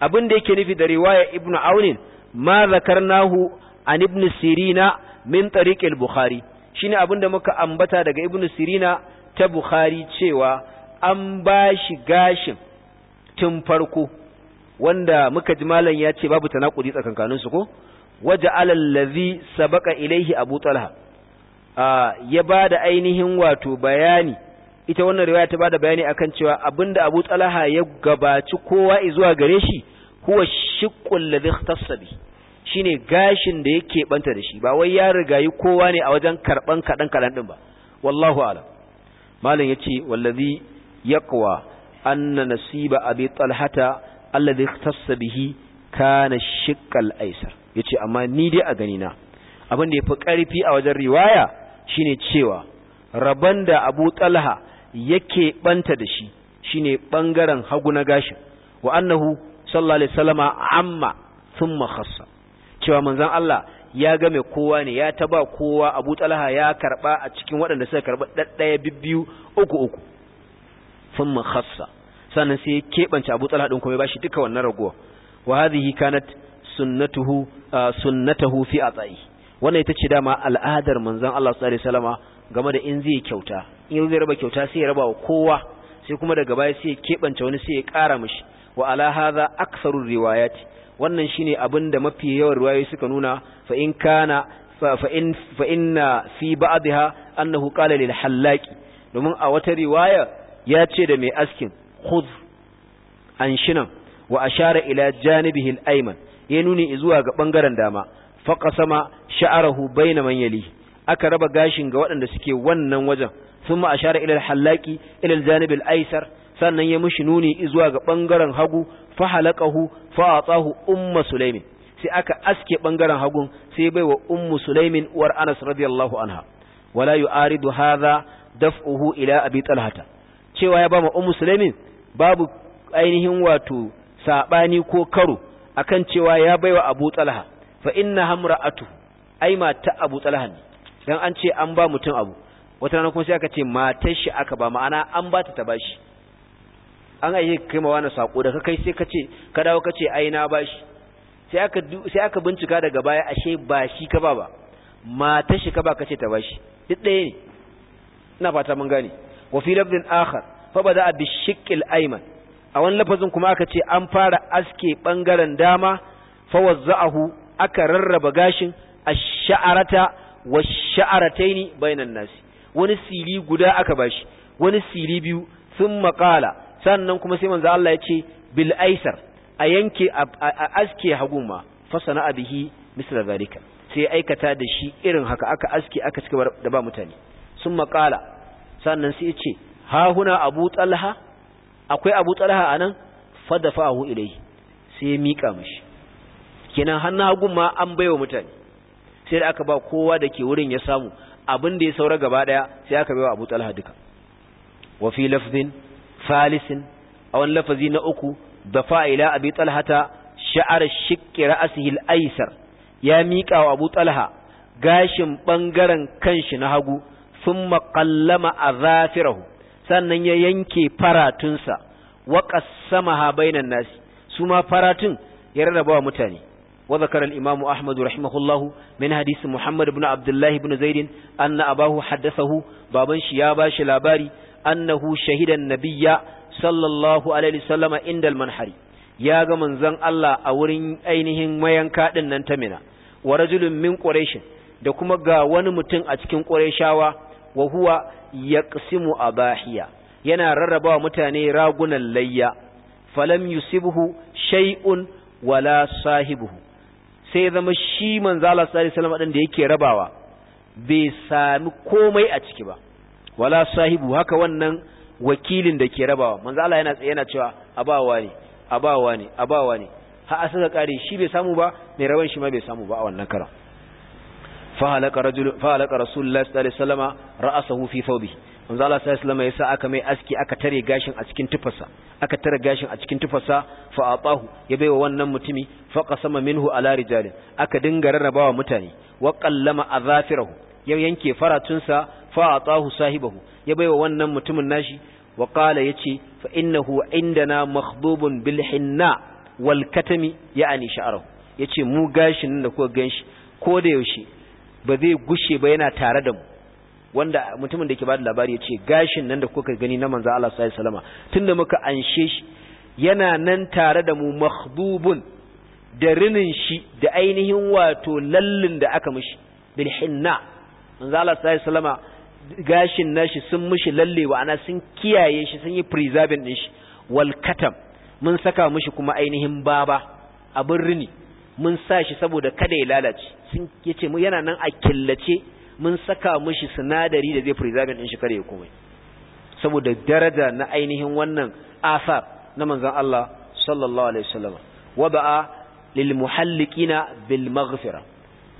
abin da yake nufi da riwaya ibnu aun ma zakarnahu an ibnu sirina min tariq al-bukhari shine abin da muka ambata daga ibnu sirina ta Bukhari cewa an ba shi gashin tun farko wanda muka ji malam ya ce babu tanakudi tsakankanin su ko waje alallazi sabaka ilaihi abu talha ya ba da ainihin wato bayani ita wannan riwaya ta ba da bayani akan cewa abinda abu talha ya gabaci kowa zuwa gare shi huwa shiqqul ladhi ikhtassa bi shine gashin da yake banta da shi ba wai ya rigayi kowa ne a wajen karban kadan kadan din ba wallahu a'lam malam yace wallazi yaqwa anna nasiba abi talhata alladhi ikhtassa bihi kana shiqqal aisar yace amma ni dai a gani na abin da yafi karfi a wajen riwaya shine cewa rabon da abu talha yake banta da shi shine bangaren hagu na gashin wa annahu sallallahu alaihi wasallama amma thumma khassa cewa manzon Allah ya game kowa ne ya taba kowa abu talaha ya karba a cikin waɗanda suka karba ɗaɗɗaya bibbiyu uku uku sun makhassa sannan sai ya keɓance abu talaha ɗin kuma ya bashi duka wannan ragowa wa hadhihi kanat sunnatuhu sunnatuhu fi atai wannan ita ce dama al'adar manzon Allah sallallahu alaihi wasallama game da in zai kyauta in zai raba kyauta sai ya raba wa kowa sai kuma daga baya sai ya keɓance wani sai ya ƙara mishi wa ala hadha aktharu riwayati wannan shine abin da mafi yawan ruwayoyi suka nuna fa in kana fa in fa inna fi annahu qala lil hallaqi domin a wata riwaya ya ce da mai askin khudh anshinan wa ashara ila janibihi al-ayman ya nuni zuwa ga bangaren dama fa qasama sha'arahu bayna man aka raba gashin ga waɗanda suke wannan wajen sun ma ashara ilal hallaki ilal janibin aisar sannan ya mishi nuni zuwa ga bangaren hagu fa halaqahu fa atahu ummu sulaimin sai aka aske bangaren hagun sai bai wa ummu sulaimin war anas radiyallahu anha wala yu'aridu hadha daf'uhu ila abi talhata cewa ya bama ummu sulaimin babu ainihin wato sabani ko karo akan cewa ya baiwa abu talha fa inna hamra'atu ai mata abu talha ne dan an ce an ba mutum abu wata rana kuma sai aka ce matar shi aka ba ma'ana an ba ta ta bashi an ayi kai ma wani sako da ka kai sai ka ce ka dawo ka ce ai na bashi sai aka sai aka bincika daga baya ashe ba shi ka ba ba mata shi ka ba ka ce ta bashi duk ɗaya ne ina fata mun gane wa fi akhar fa bada bi shiqqil ayman a wani lafazin kuma aka ce an fara aske bangaren dama fa wazza'ahu aka rarraba gashin ash-sha'arata wash-sha'arataini bainan nasi wani sili guda aka bashi wani sili biyu sun maƙala sannan kuma sai manzo Allah ya ce bil aisar a yanke a aske haguma sana'a bihi misla zalika sai aikata da shi irin haka aka aske aka cika da ba mutane sun maƙala sannan sai ya ce ha huna abu talha akwai abu talha anan dafahu ilai sai ya mika mishi kenan hannun haguma an baiwa mutane sai da aka ba kowa da ke wurin ya samu abin da ya saura gaba daya sai aka baiwa abu talha duka wa fi lafzin falisin a wani lafazi na uku da fa'ila abi talhata sha'ar shiqqi ra'sihi al-aysar ya miƙa wa abu talha gashin bangaren kanshi na hagu thumma a azafirahu sannan ya yanke faratunsa wa qassamaha bainan nasi su ma faratun ya rarraba wa mutane wa zakara al-imam ahmad rahimahullahu min hadisi muhammad ibn abdullah ibn zaid anna haddasa haddathahu baban shi ya shi labari annahu shahidan nabiyya sallallahu alaihi wasallama indal manhari ya ga manzon Allah a wurin ainihin mayanka din nan ta Mina wa rajulun min quraish da kuma ga wani mutum a cikin qurayshawa wa huwa yaqsimu abahiya yana rarrabawa mutane ragunan layya falam yusibuhu shay'un wala sahibuhu sai zama shi Manzala, sallallahu alaihi wasallam din da yake rabawa bai sami komai a ciki ba wala sahibu haka wannan wakilin da ke rabawa manzo Allah yana yana cewa abawa ne abawa ne abawa ne har asa kare shi bai samu ba mai rawan shi ma bai samu ba a wannan karan fa halaka rajul fa halaka rasulullahi sallallahu alaihi wasallama ra'asahu fi thawbi manzo Allah sallallahu alaihi wasallama yasa aka mai aski aka tare gashin a cikin tufarsa aka tare gashin a cikin tufarsa fa atahu ya baiwa wannan mutumi fa qasama minhu ala rijalin aka dinga rarrabawa mutane wa qallama azafirahu ya yanke faratunsa fa atahu sahibahu ya baiwa wannan mutumin nashi wa ya ce fa innahu indana makhdubun bilhinna hinna wal katami ya'ani ya ce mu gashin da kuka ganshi ko da yaushe ba zai gushe ba yana tare da mu wanda mutumin da ke ba da labari ya ce gashin nan da kuka gani na manzo Allah sallallahu alaihi wasallama tunda muka anshe shi yana nan tare da mu makhdubun da rinin shi da ainihin wato lallin da aka mishi bilhinna hinna manzo Allah sallallahu alaihi wasallama gashin nashi sun mushi lalle wa'ana sun kiyaye shi sun yi preserving din shi wal katam mun saka mushi kuma ainihin baba abin rini mun sa shi saboda kada ya lalace sun yace mu yana nan a killace mun saka mushi sinadari da zai preserving din shi kada ya komai saboda daraja na ainihin wannan asar na manzon Allah sallallahu alaihi wasallam wada'a lil muhallikina bil maghfirah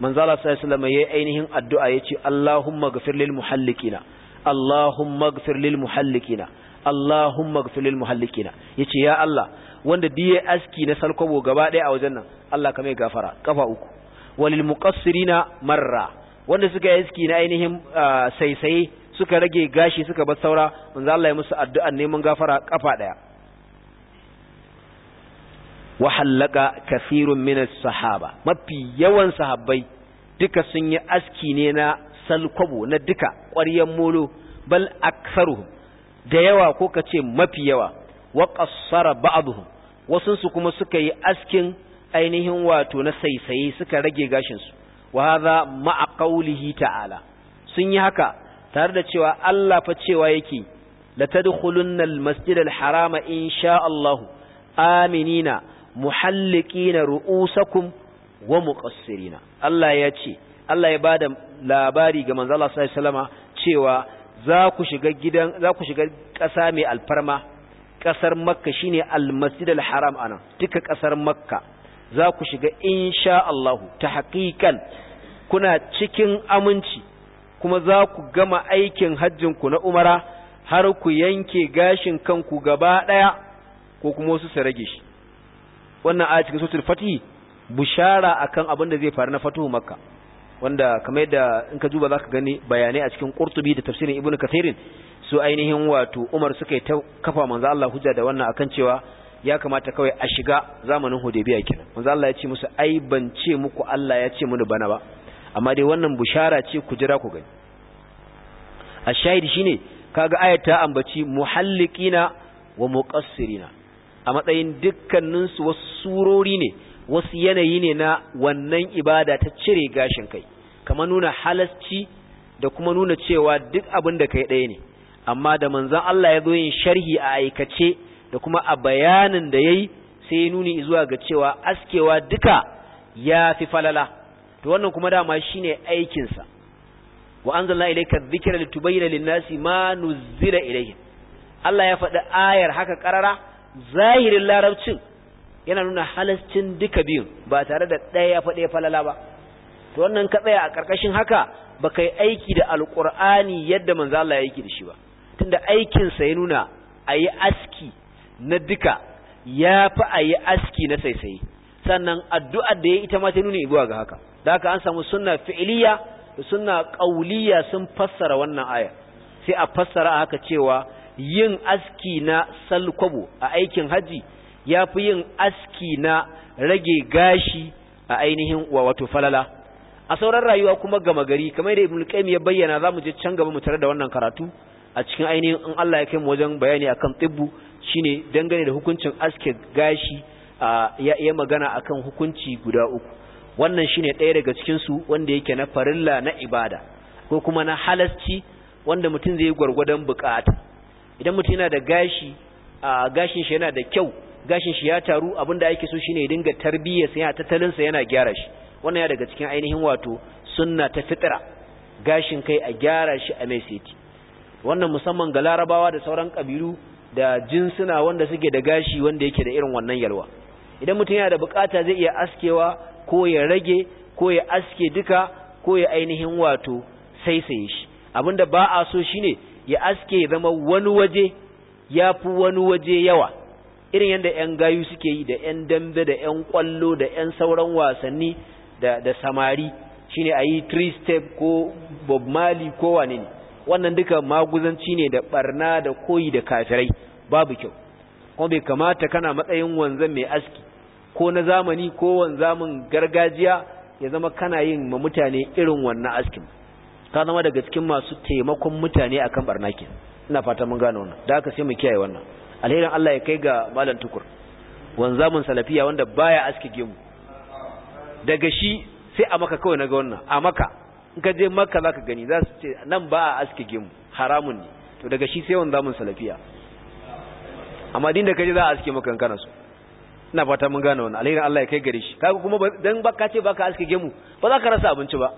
manzala sallallahu alaihi wasallam yayi ainihin addu'a yace Allahumma ghfir lil muhallikina Allahumma ghfir lil muhallikina Allahumma ghfir lil muhallikina yace ya Allah wanda diye aski na salkwabo gaba daya a wajen nan Allah ka gafara kafa uku walil muqassirina marra wanda suka yi aski na ainihin ah, saisaye suka rage gashi suka bar saura manzo Allah ya musu addu'an neman gafara kafa daya wa hallaka kathirun min as-sahaba mafi yawan sahabbai duka sun yi aski ne na salkwabo na duka ƙwaryen molo bal aktharuhum da yawa ko kace mafi yawa wa qassara ba'dhum su kuma suka yi askin ainihin wato na saisaye suka rage gashin su wa hadha ma'a qawlihi ta'ala sun yi haka tare da cewa Allah fa cewa yake latadkhulunna almasjidal harama inshaAllahu Allah aminina muhallikina ru'usakum wa muqassirina Allah ya ce Allah ya bada labari ga manzo Allah sallallahu alaihi cewa za ku shiga gidan za ku shiga ƙasa mai alfarma ƙasar Makka shine al-Masjid al-Haram anan duka ƙasar Makka za ku shiga insha Allah ta haƙiƙan kuna cikin aminci kuma za ku gama aikin hajjin ku na umara har ku yanke gashin kanku gaba daya ko kuma su rage shi wannan a cikin suratul fatih bushara akan abin da zai faru na fatuhu makka wanda kamar da in ka duba zaka gani bayanai a cikin qurtubi da tafsirin ibnu kathirin su ainihin wato umar suka ta kafa manzo Allah hujja da wannan akan cewa ya kamata kawai a shiga zamanin hudaybiya kenan manzo Allah ya ce musu ai ban ce muku Allah ya ce muni bana ba amma dai wannan bushara ce ku jira ku gani ashahid shine kaga ayata ambaci muhallikina wa muqassirina a matsayin dukkaninsu wasu surori ne wasu yanayi ne na wannan ibada ta cire gashin kai kamar nuna halasci da kuma nuna cewa duk abin da kai ɗaya ne amma da manzon Allah ya zo yin sharhi a aikace da kuma a bayanin da yayi sai ya nuni zuwa ga cewa askewa duka ya fi falala to wannan kuma dama shine aikin sa wa anzalna ilayka dhikra litubayyana lin-nasi ma nuzila ilayhim Allah ya faɗi ayar haka ƙarara zahirin larabcin yana nuna halascin duka biyun ba tare da ɗaya ya faɗe falala ba to wannan ka tsaya a ƙarƙashin haka ba kai aiki da alƙur'ani yadda manzo Allah ya aiki da shi ba tunda aikin sa ya nuna ayi aski na duka ya fi ayi aski na saisaye sannan addu'ar da ya ita ma ta nuna zuwa ga haka da haka an samu sunna fi'iliya da sunna qauliya sun fassara wannan aya sai a fassara haka cewa yin aski na salkwabo a aikin haji ya fi yin aski na rage gashi a ainihin wato falala a sauran rayuwa kuma gama gari kamar da ibn qayyim ya bayyana zamu je can gaba mu tare da wannan karatu a cikin ainihin in Allah ya kai mu wajen bayani akan tibbu shine dangane da hukuncin aske gashi ya iya magana akan hukunci guda uku wannan shine ɗaya daga cikin su wanda yake na farilla na ibada ko kuma na halasci wanda mutum zai yi gwargwadon bukata idan mutum yana da gashi a gashin shi yana da kyau gashin shi ya taru da ake so shine ya dinga tarbiyya sai a tattalin sa yana gyara shi wannan ya daga cikin ainihin wato sunna ta fitra gashin kai a gyara shi a mai seti wannan musamman ga larabawa da sauran kabilu da jinsuna wanda suke da gashi wanda yake da irin wannan yalwa idan mutum yana da bukata zai iya askewa ko ya rage ko ya aske duka ko ya ainihin wato saisaye shi abinda ba a so shine ya aske ya zama wani waje ya fi wani waje yawa irin yadda 'yan gayu suke yi da 'yan dambe da 'yan kwallo da 'yan sauran wasanni da samari shine a yi three-step ko bob mali ko wane ne wannan duka maguzanci ne da barna da koyi da kafirai babu kyau kuma bai kamata kana matsayin wanzan mai aski ko na zamani ko wanzamin gargajiya ya zama kana yin ma mutane irin wannan askin ka zama daga cikin masu taimakon mutane akan barna ke ina fata mun gane wannan da aka sai mu kiyaye wannan alherin Allah ya kai ga malam tukur wanzamin salafiya wanda baya aske gemu daga shi sai a maka kawai naga wannan a maka in ka je maka zaka gani za su ce nan ba a aske gemu haramun ne to daga shi sai wanzamin salafiya amma din da kaje za a aske maka kana so ina fata mun gane wannan alherin Allah ya kai gare shi kaga kuma dan baka ce baka aske gemu ba za ka rasa abinci ba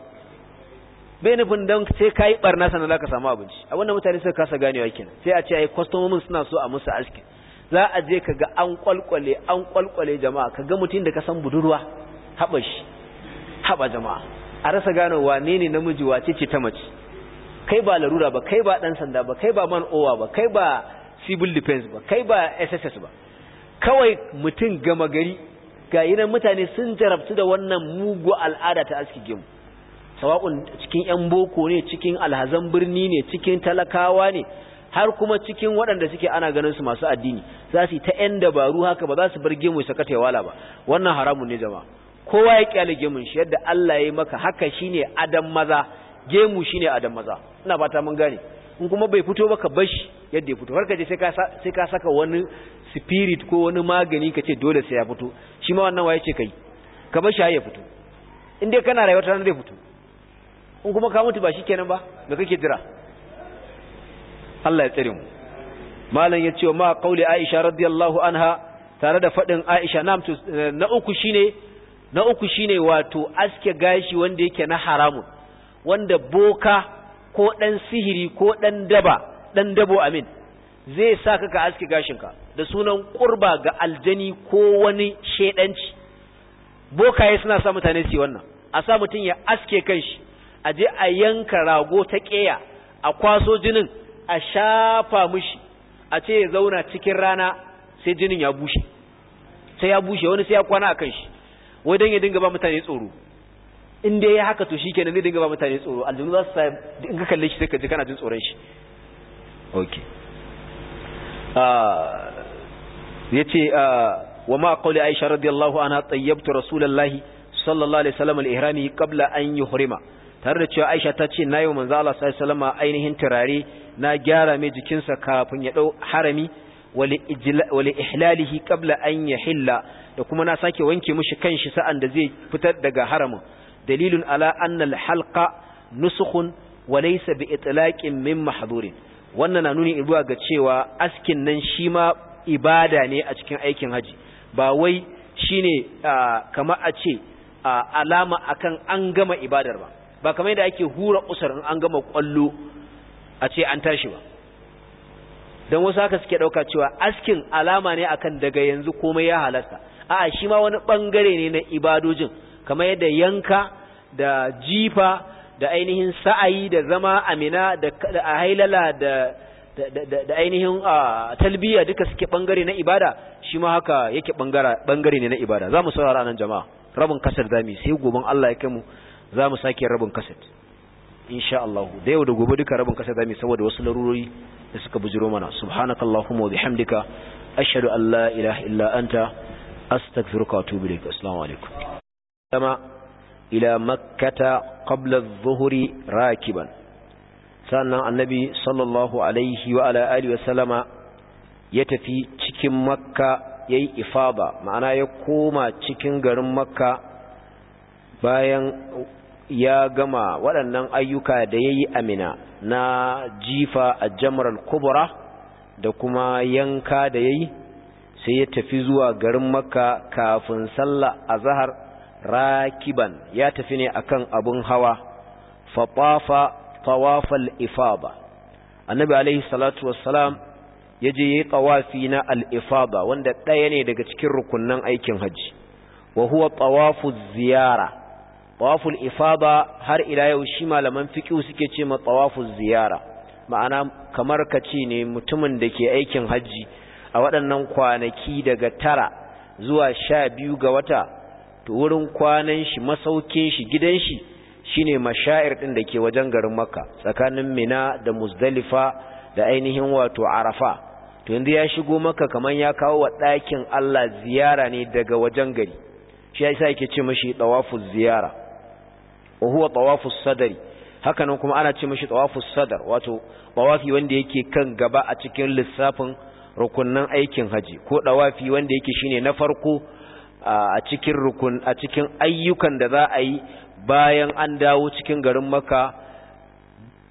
bai nufin don sai ka yi barna sannan za ka samu abinci a wannan mutane suka kasa ganewa kenan sai a ce ai kwastomomin suna so a musu aski za a je ka ga an kwalkwale an kwalkwale jama'a ka ga mutum da ka san budurwa haɓa shi haɓa jama'a a rasa gano wane ne namiji wace ce ta mace kai ba larura ba kai ba ɗan sanda ba kai ba man owa ba kai ba civil defense ba kai ba sss ba kawai mutum gama gari ga yinan mutane sun jarabtu da wannan mugu al'ada ta aski gemu sawa'un cikin yan boko ne cikin alhazan birni ne cikin talakawa ne har kuma cikin waɗanda suke ana ganin su masu addini za su yi ta yan dabaru haka ba za su bar gemu saka ta wala ba wannan haramun ne jama kowa ya kyale gemun shi yadda Allah ya yi maka haka shine adam maza gemu shine adam maza ina fata mun gane in kuma bai fito ba ka bashi yadda ya fito har ka je sai ka saka wani spirit ko wani magani ka ce dole sai ya fito shi ma wannan waye ce kai ka bashi ya fito in dai kana rayuwa ta zai fito in kuma ka mutu ba shi kenan ba da kake jira Allah ya tsare mu malam ya ce ma qauli Aisha radiyallahu anha tare da fadin Aisha na eh, na uku shine na uku shine wato aske gashi wanda yake na haramun wanda boka ko dan sihiri ko dan daba dan dabo amin zai saka ka aske gashin ka. da sunan kurba ga aljani ko wani shedanci bokaye suna sa mutane su wannan a sa mutum ya aske kanshi a je a yanka rago ta ƙeya a kwaso jinin a shafa mushi a ce ya zauna cikin rana sai jinin ya bushe sai ya bushe wani sai ya kwana a kan shi wai don ya dinga ba mutane tsoro in dai ya haka to shikenan zai dinga ba mutane tsoro aljanu za su sa in ka kalle shi sai ka ji kana jin tsoron shi okay ah yace ah, wa ma qawli aisha radiyallahu anha tayyabtu rasulullahi sallallahu alaihi wasallam al-ihrami qabla an yuhrima tare da cewa Aisha ta ce na yi wa manzo Allah sallallahu alaihi ainihin turare na gyara mai jikinsa kafin ya dau harami wali ihlalihi qabla an yahilla da kuma na sake wanke mishi kanshi sa'an da zai fitar daga haramin dalilun ala anna al-halqa nusukhun wa laysa bi itlaqin min mahdhurin wannan na nuni zuwa ga cewa askin nan shima ibada ne a cikin aikin haji ba wai shine kamar a ce alama akan an gama ibadar ba ba kamar yadda ake hura kusur in an gama kwallo a ce an tashi ba don wasu haka suke ɗauka cewa askin alama ne a kan daga yanzu komai ya halasta a shi ma wani bangare ne na ibadojin kamar yadda yanka da jifa da ainihin sa'ayi da zama amina da hailala da da ainihin talbiya duka suke bangare na ibada shi ma haka yake bangare ne na ibada za mu saurara nan jama'a rabin kasar zami sai goben Allah ya kai mu za mu sake rabin kaset insha Allah da yau da gobe duka rabin kaset zamu saboda wasu larurori da suka bujiro mana subhanakallahumma wa bihamdika ashhadu an la ilaha illa anta astaghfiruka wa atubu ilaik assalamu alaikum kama ila makkata qabla adh-dhuhri rakiban sannan annabi sallallahu alaihi wa ala alihi wa sallama ya tafi cikin makka yayi Ifaba, ma'ana ya koma cikin garin makka bayan ya gama waɗannan ayyuka da ya yi amina na jifa a jamaral kubura da kuma yanka da ya yi sai ya tafi zuwa garin makka kafin sallah a zahar rakiban ya tafi ne akan abun hawa faɓafa tawafal ifaba annabi alaihi salatu wassalam ya je ya yi tawafi na al'ifaba wanda ɗaya ne daga cikin rukunnan aikin hajji wa huwa tawafu ziyara tawaful ifada har ila yau shi malaman fiqhu suke ce ma tawaful ziyara ma'ana kamar kace ne mutumin da ke aikin haji a waɗannan kwanaki daga tara zuwa sha biyu ga wata to wurin kwanan shi masaukin shi gidan shi shine mashair ɗin da ke wajen garin makka tsakanin mina da muzdalifa da ainihin wato arafa to yanzu ya shigo makka kamar ya kawo wa ɗakin allah ziyara ne daga wajen gari shi ya sa yake ce mashi ɗawafu ziyara wa huwa tawafus sadari hakanan kuma ana ce mashi tawafus sadar wato tawafi wanda yake kan gaba a cikin lissafin rukunnan aikin haji ko tawafi wanda yake shine na farko a cikin rukun a cikin ayyukan da za a yi bayan an dawo cikin garin Makka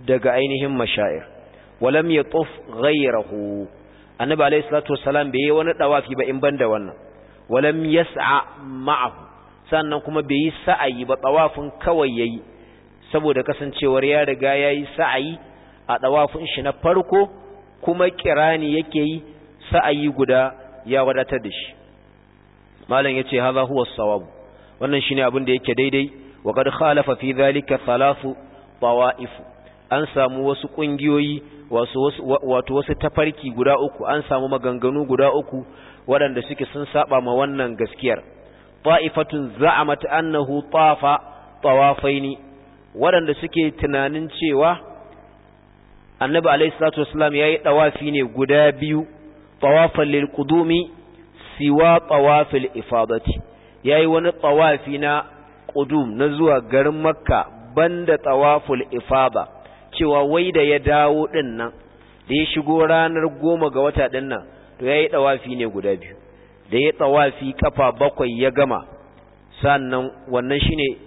daga ainihin mashair walam yatuf ghayrahu annabi alayhi salatu wassalam bai wani tawafi ba in banda wannan walam yas'a ma'ahu sannan kuma bai yi sa'ayi ba tsawafin kawai yayi saboda kasancewar ya riga ya yayi sa'ayi a tsawafin shi na farko kuma kirani yake yi sa'ayi guda ya wadatar da shi malam yace hadha huwa sawab wannan shine abin da yake daidai wa qad khalafa fi zalika thalathu tawa'if an samu wasu kungiyoyi wato wasu tafarki guda uku an samu maganganu guda uku waɗanda suke sun saba ma wannan gaskiyar ta'ifatun za'amat annahu tafa tawafaini waɗanda suke tunanin cewa annabi alaihi salatu wasallam yayi dawafi ne guda biyu tawafan lil qudumi siwa tawafil ifadati yayi wani tawafi na qudum na zuwa garin makka banda tawaful ifada cewa wai da ya dawo din nan da ya shigo ranar goma ga wata din nan to yayi dawafi ne guda biyu da ya tsawafi kafa bakwai ya gama sannan wannan shine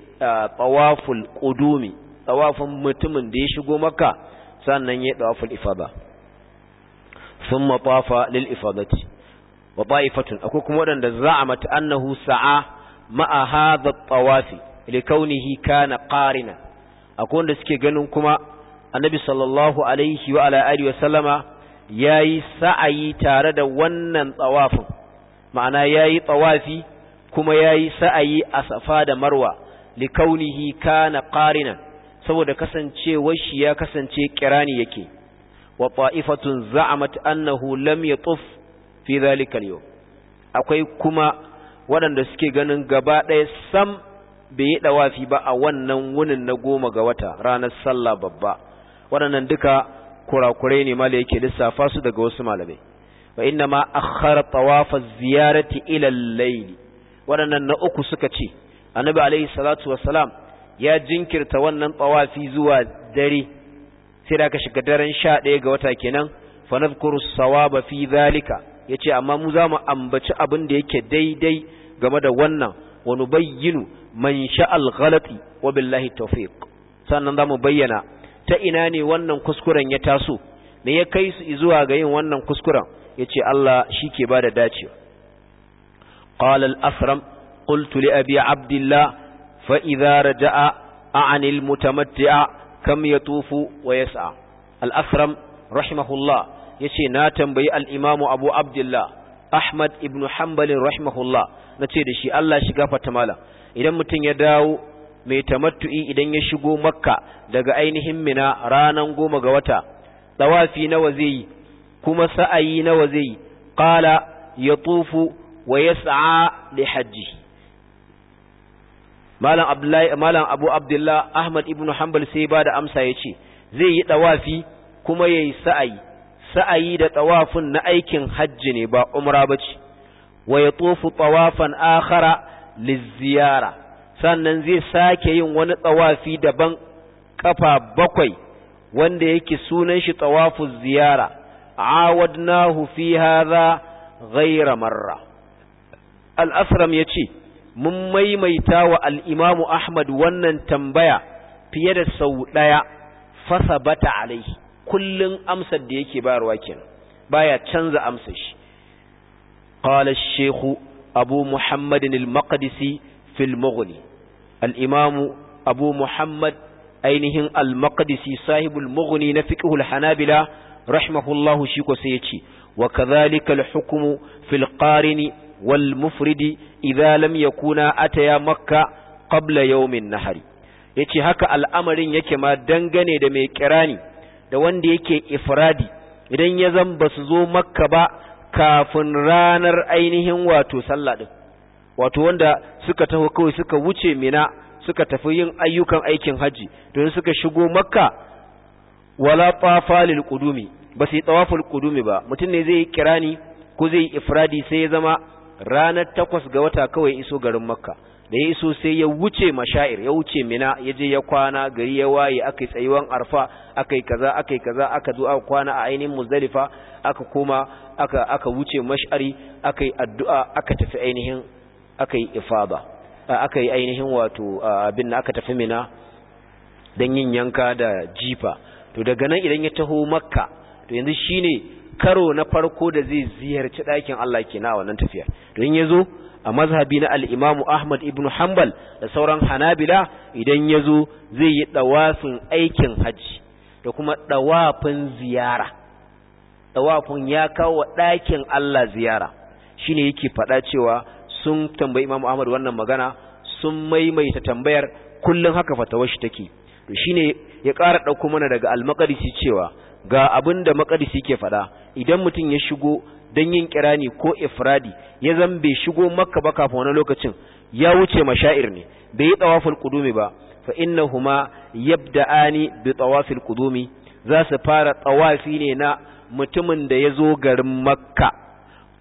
tsawaful qudumi tsawafin mutumin da ya shigo maka sannan ya tsawaful ifada sun tawafa lil ifadati wa ta'ifatun akwai kuma wadanda mata annahu sa'a ma'a hadha tawafi likaunihi kana qarina akwai wanda suke ganin kuma annabi sallallahu alaihi wa ala alihi wa sallama yayi sa'ayi tare da wannan tsawafin ma'ana yayi tawafi kuma yayi sa'ayi a safa da marwa likaunihi kana ƙarina saboda kasancewar shi ya kasance kirani yake wa ta'ifatun za'amat annahu lam yatuf fi dhalika al-yawm akwai kuma waɗanda suke ganin gaba ɗaya sam bai yi ɗawafi ba a wannan wunin na goma ga wata ranar sallah babba waɗannan duka kurakurai ne mala yake lissafa su daga wasu malamai fa inna ma akhara tawaf az-ziyarati ila al-layl wadannan na uku suka ce annabi alayhi salatu salam ya jinkirta wannan tawafi zuwa dare sai da ka shiga daren 11 ga wata kenan fa nadhkuru sawaba fi dhalika yace amma mu za mu ambaci abin da yake daidai game da wannan wa nubayyinu man sha'al ghalati wa billahi tawfiq sannan za mu bayyana ta ina ne wannan kuskuren ya taso me ya kai su zuwa ga yin wannan kuskuren yace Allah shi ke bada dace qala al-asram qultu li abi abdullah fa idza raja'a anil mutamatti'a kam ya yatufu wa yas'a al-asram rahimahullah yace na tambayi al-imamu abu abdullah ahmad ibn hanbal rahimahullah nace da shi Allah shi gafarta mala idan mutum ya dawo mai tamattu'i idan ya shigo makka daga ainihin Minna ranar goma ga wata dawafi nawa zai yi kuma sa'ayi nawa zai qala yatufu wa yas'a li hajji malam abu abdullah ahmad ibnu hanbal sai ba da amsa ya ce zai yi dawafi kuma yayi sa'ayi sa'ayi da tawafin na aikin hajji ne ba umra bace wa yatufu tawafan akhara liziyara sannan zai sake yin wani tsawafi daban kafa bakwai wanda yake sunan shi ɗawafin ziyara awadnahu fi hadha ghayra marra al-asram ce mun maimaita wa al'imamu ahmad wannan tambaya fiye da sau ɗaya fasa bata alaihi kullum amsar da yake bayarwa kenan baya canza amsar shi qala ash-shaykh abu muhammad al-maqdisi fi al imamu abu muhammad ainihin al-maqdisi sahibul mughni na fiqhul hanabila rahimahullahu shi ko sai yace wa kadhalika al-hukmu fil qarini wal mufridi idza lam yakuna ataya makka qabla yawmin nahari yace haka al'amarin yake ma dangane da mai kirani da wanda yake ifradi idan ya zan ba su zo makka ba kafin ranar ainihin wato sallah din wato wanda suka taho kawai suka wuce mina suka tafi yin ayyukan aikin haji don suka shigo makka wala tafa lil qudumi ba su yi tsawaful kudumi ba mutum ne zai yi kirani ko zai yi ifradi sai ya zama ranar takwas ga wata kawai iso garin makka da ya iso sai ya wuce mashair ya wuce mina ya je ya kwana gari ya waye aka yi tsayuwan arfa aka yi kaza aka yi kaza aka zo aka kwana a ainihin muzdalifa aka koma aka wuce mashari aka yi addu'a aka tafi ainihin aka yi ifaba aka yi ainihin wato abin aka tafi mina dan yin yanka da jifa to daga nan idan ya taho makka to yanzu shine karo na farko da zai ziyarci ɗakin Allah ke na wannan tafiya don in zo a mazhabi na al-Imam Ahmad ibn Hanbal da sauran Hanabila idan ya zo zai yi ɗawafin aikin hajji, da kuma ɗawafin ziyara ɗawafin ya kawo ɗakin Allah ziyara Shi ne yake faɗa cewa sun tambayi Imam Ahmad wannan magana sun maimaita tambayar kullum haka fatawar shi take to ne ya ƙara ɗauko mana daga almakarici cewa ga abin da makadisi ke faɗa idan mutum ya shigo don yin kirani ko ifradi ya zan bai shigo makka ba kafin wani lokacin ya wuce mashair ne bai yi tsawafin kudumi ba fa huma yabda yabda'ani bi tawafil kudumi za su fara tawafi ne na mutumin da ya zo garin makka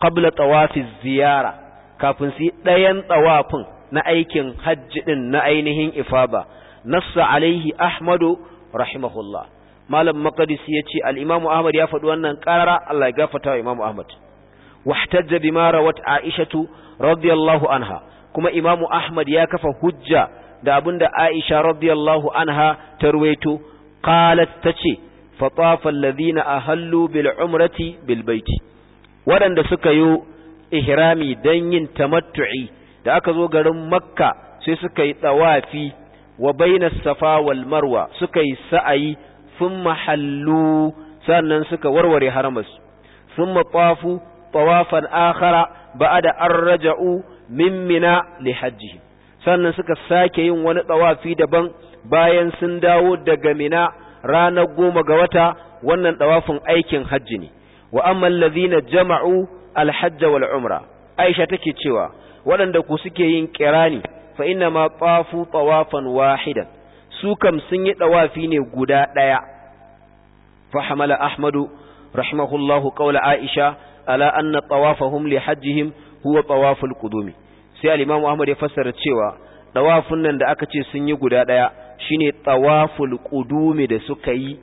qabla tawafi ziyara kafin su yi ɗayan tawafin na aikin hajji din na ainihin ifaba nassa alaihi ahmadu rahimahullah malam maqdisi yace al-imam ahmad ya faɗi wannan ƙara Allah ya gafarta wa imam ahmad wahtajja bima rawat aishatu radiyallahu anha kuma imam ahmad ya kafa hujja da abinda aisha radiyallahu anha ta ruwaito qalat tace fa tafa alladhina ahallu bil umrati bil baiti wadanda suka yi ihrami dan yin tamattu'i da aka zo garin makka sai suka yi tawafi wa bayna safa wal marwa suka yi sa'ayi thumma hallu sannan suka warware haramas Sun tawafu tawafan akhara ba'da an raja'u min mina li hajjihim sannan suka sake yin wani tawafi daban bayan sun dawo daga mina ranar goma ga wata wannan tawafin aikin hajji ne wa amma allazina jama'u alhajja wal umra aisha take cewa waɗanda ku suke yin kirani fa inna ma tawafu tawafan wahidan su kam sun yi ɗawafi ne guda ɗaya fa hamala ahmadu rahimahullahu ƙaula aisha ala anna tawafahum li hajjihim huwa tawaful qudumi sai al-imam ahmad ya fassara cewa tawafun nan da aka ce sun yi guda ɗaya shine tawaful qudumi da suka yi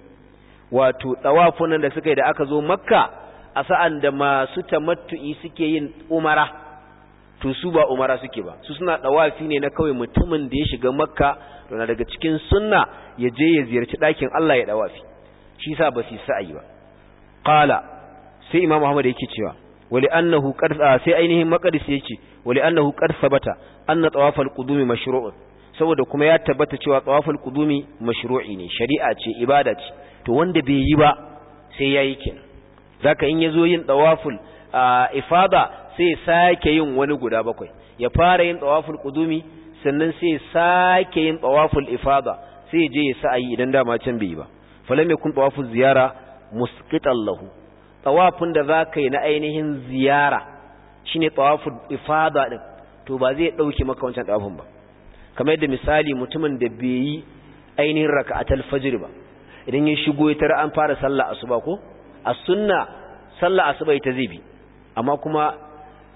wato tawafun nan da suka yi da aka zo makka a sa'an da masu tamattu'i suke yin umara to su ba umara suke ba su suna dawafi ne na kawai mutumin da ya shiga makka to na daga cikin sunna ya je ya ziyarci ɗakin Allah ya dawafi shi sa ba su ayi ba qala sai imam Muhammad yake cewa wali annahu qad sai ainihin maqdis yake wali annahu qad sabata anna tawafal qudumi mashru'un saboda kuma ya tabbata cewa tawaful qudumi mashru'i ne shari'a ce ibada ce to wanda bai yi ba sai yayi kenan zaka in yazo yin tawaful ifada sai sake yin wani guda bakwai ya fara yin tsawaful kudumi sannan sai sake yin tsawaful ifada sai je ya sa'ayi idan dama can bai ba falam yakun tsawaful ziyara musqital lahu tsawafin da zaka yi na ainihin ziyara shine tsawaful ifada din to ba zai dauke maka wancan tawafin ba kamar yadda misali mutumin da bai yi ainihin raka'atul fajr ba idan ya shigo ya tara an fara sallah asuba ko a sunna sallah asuba ita zai bi amma kuma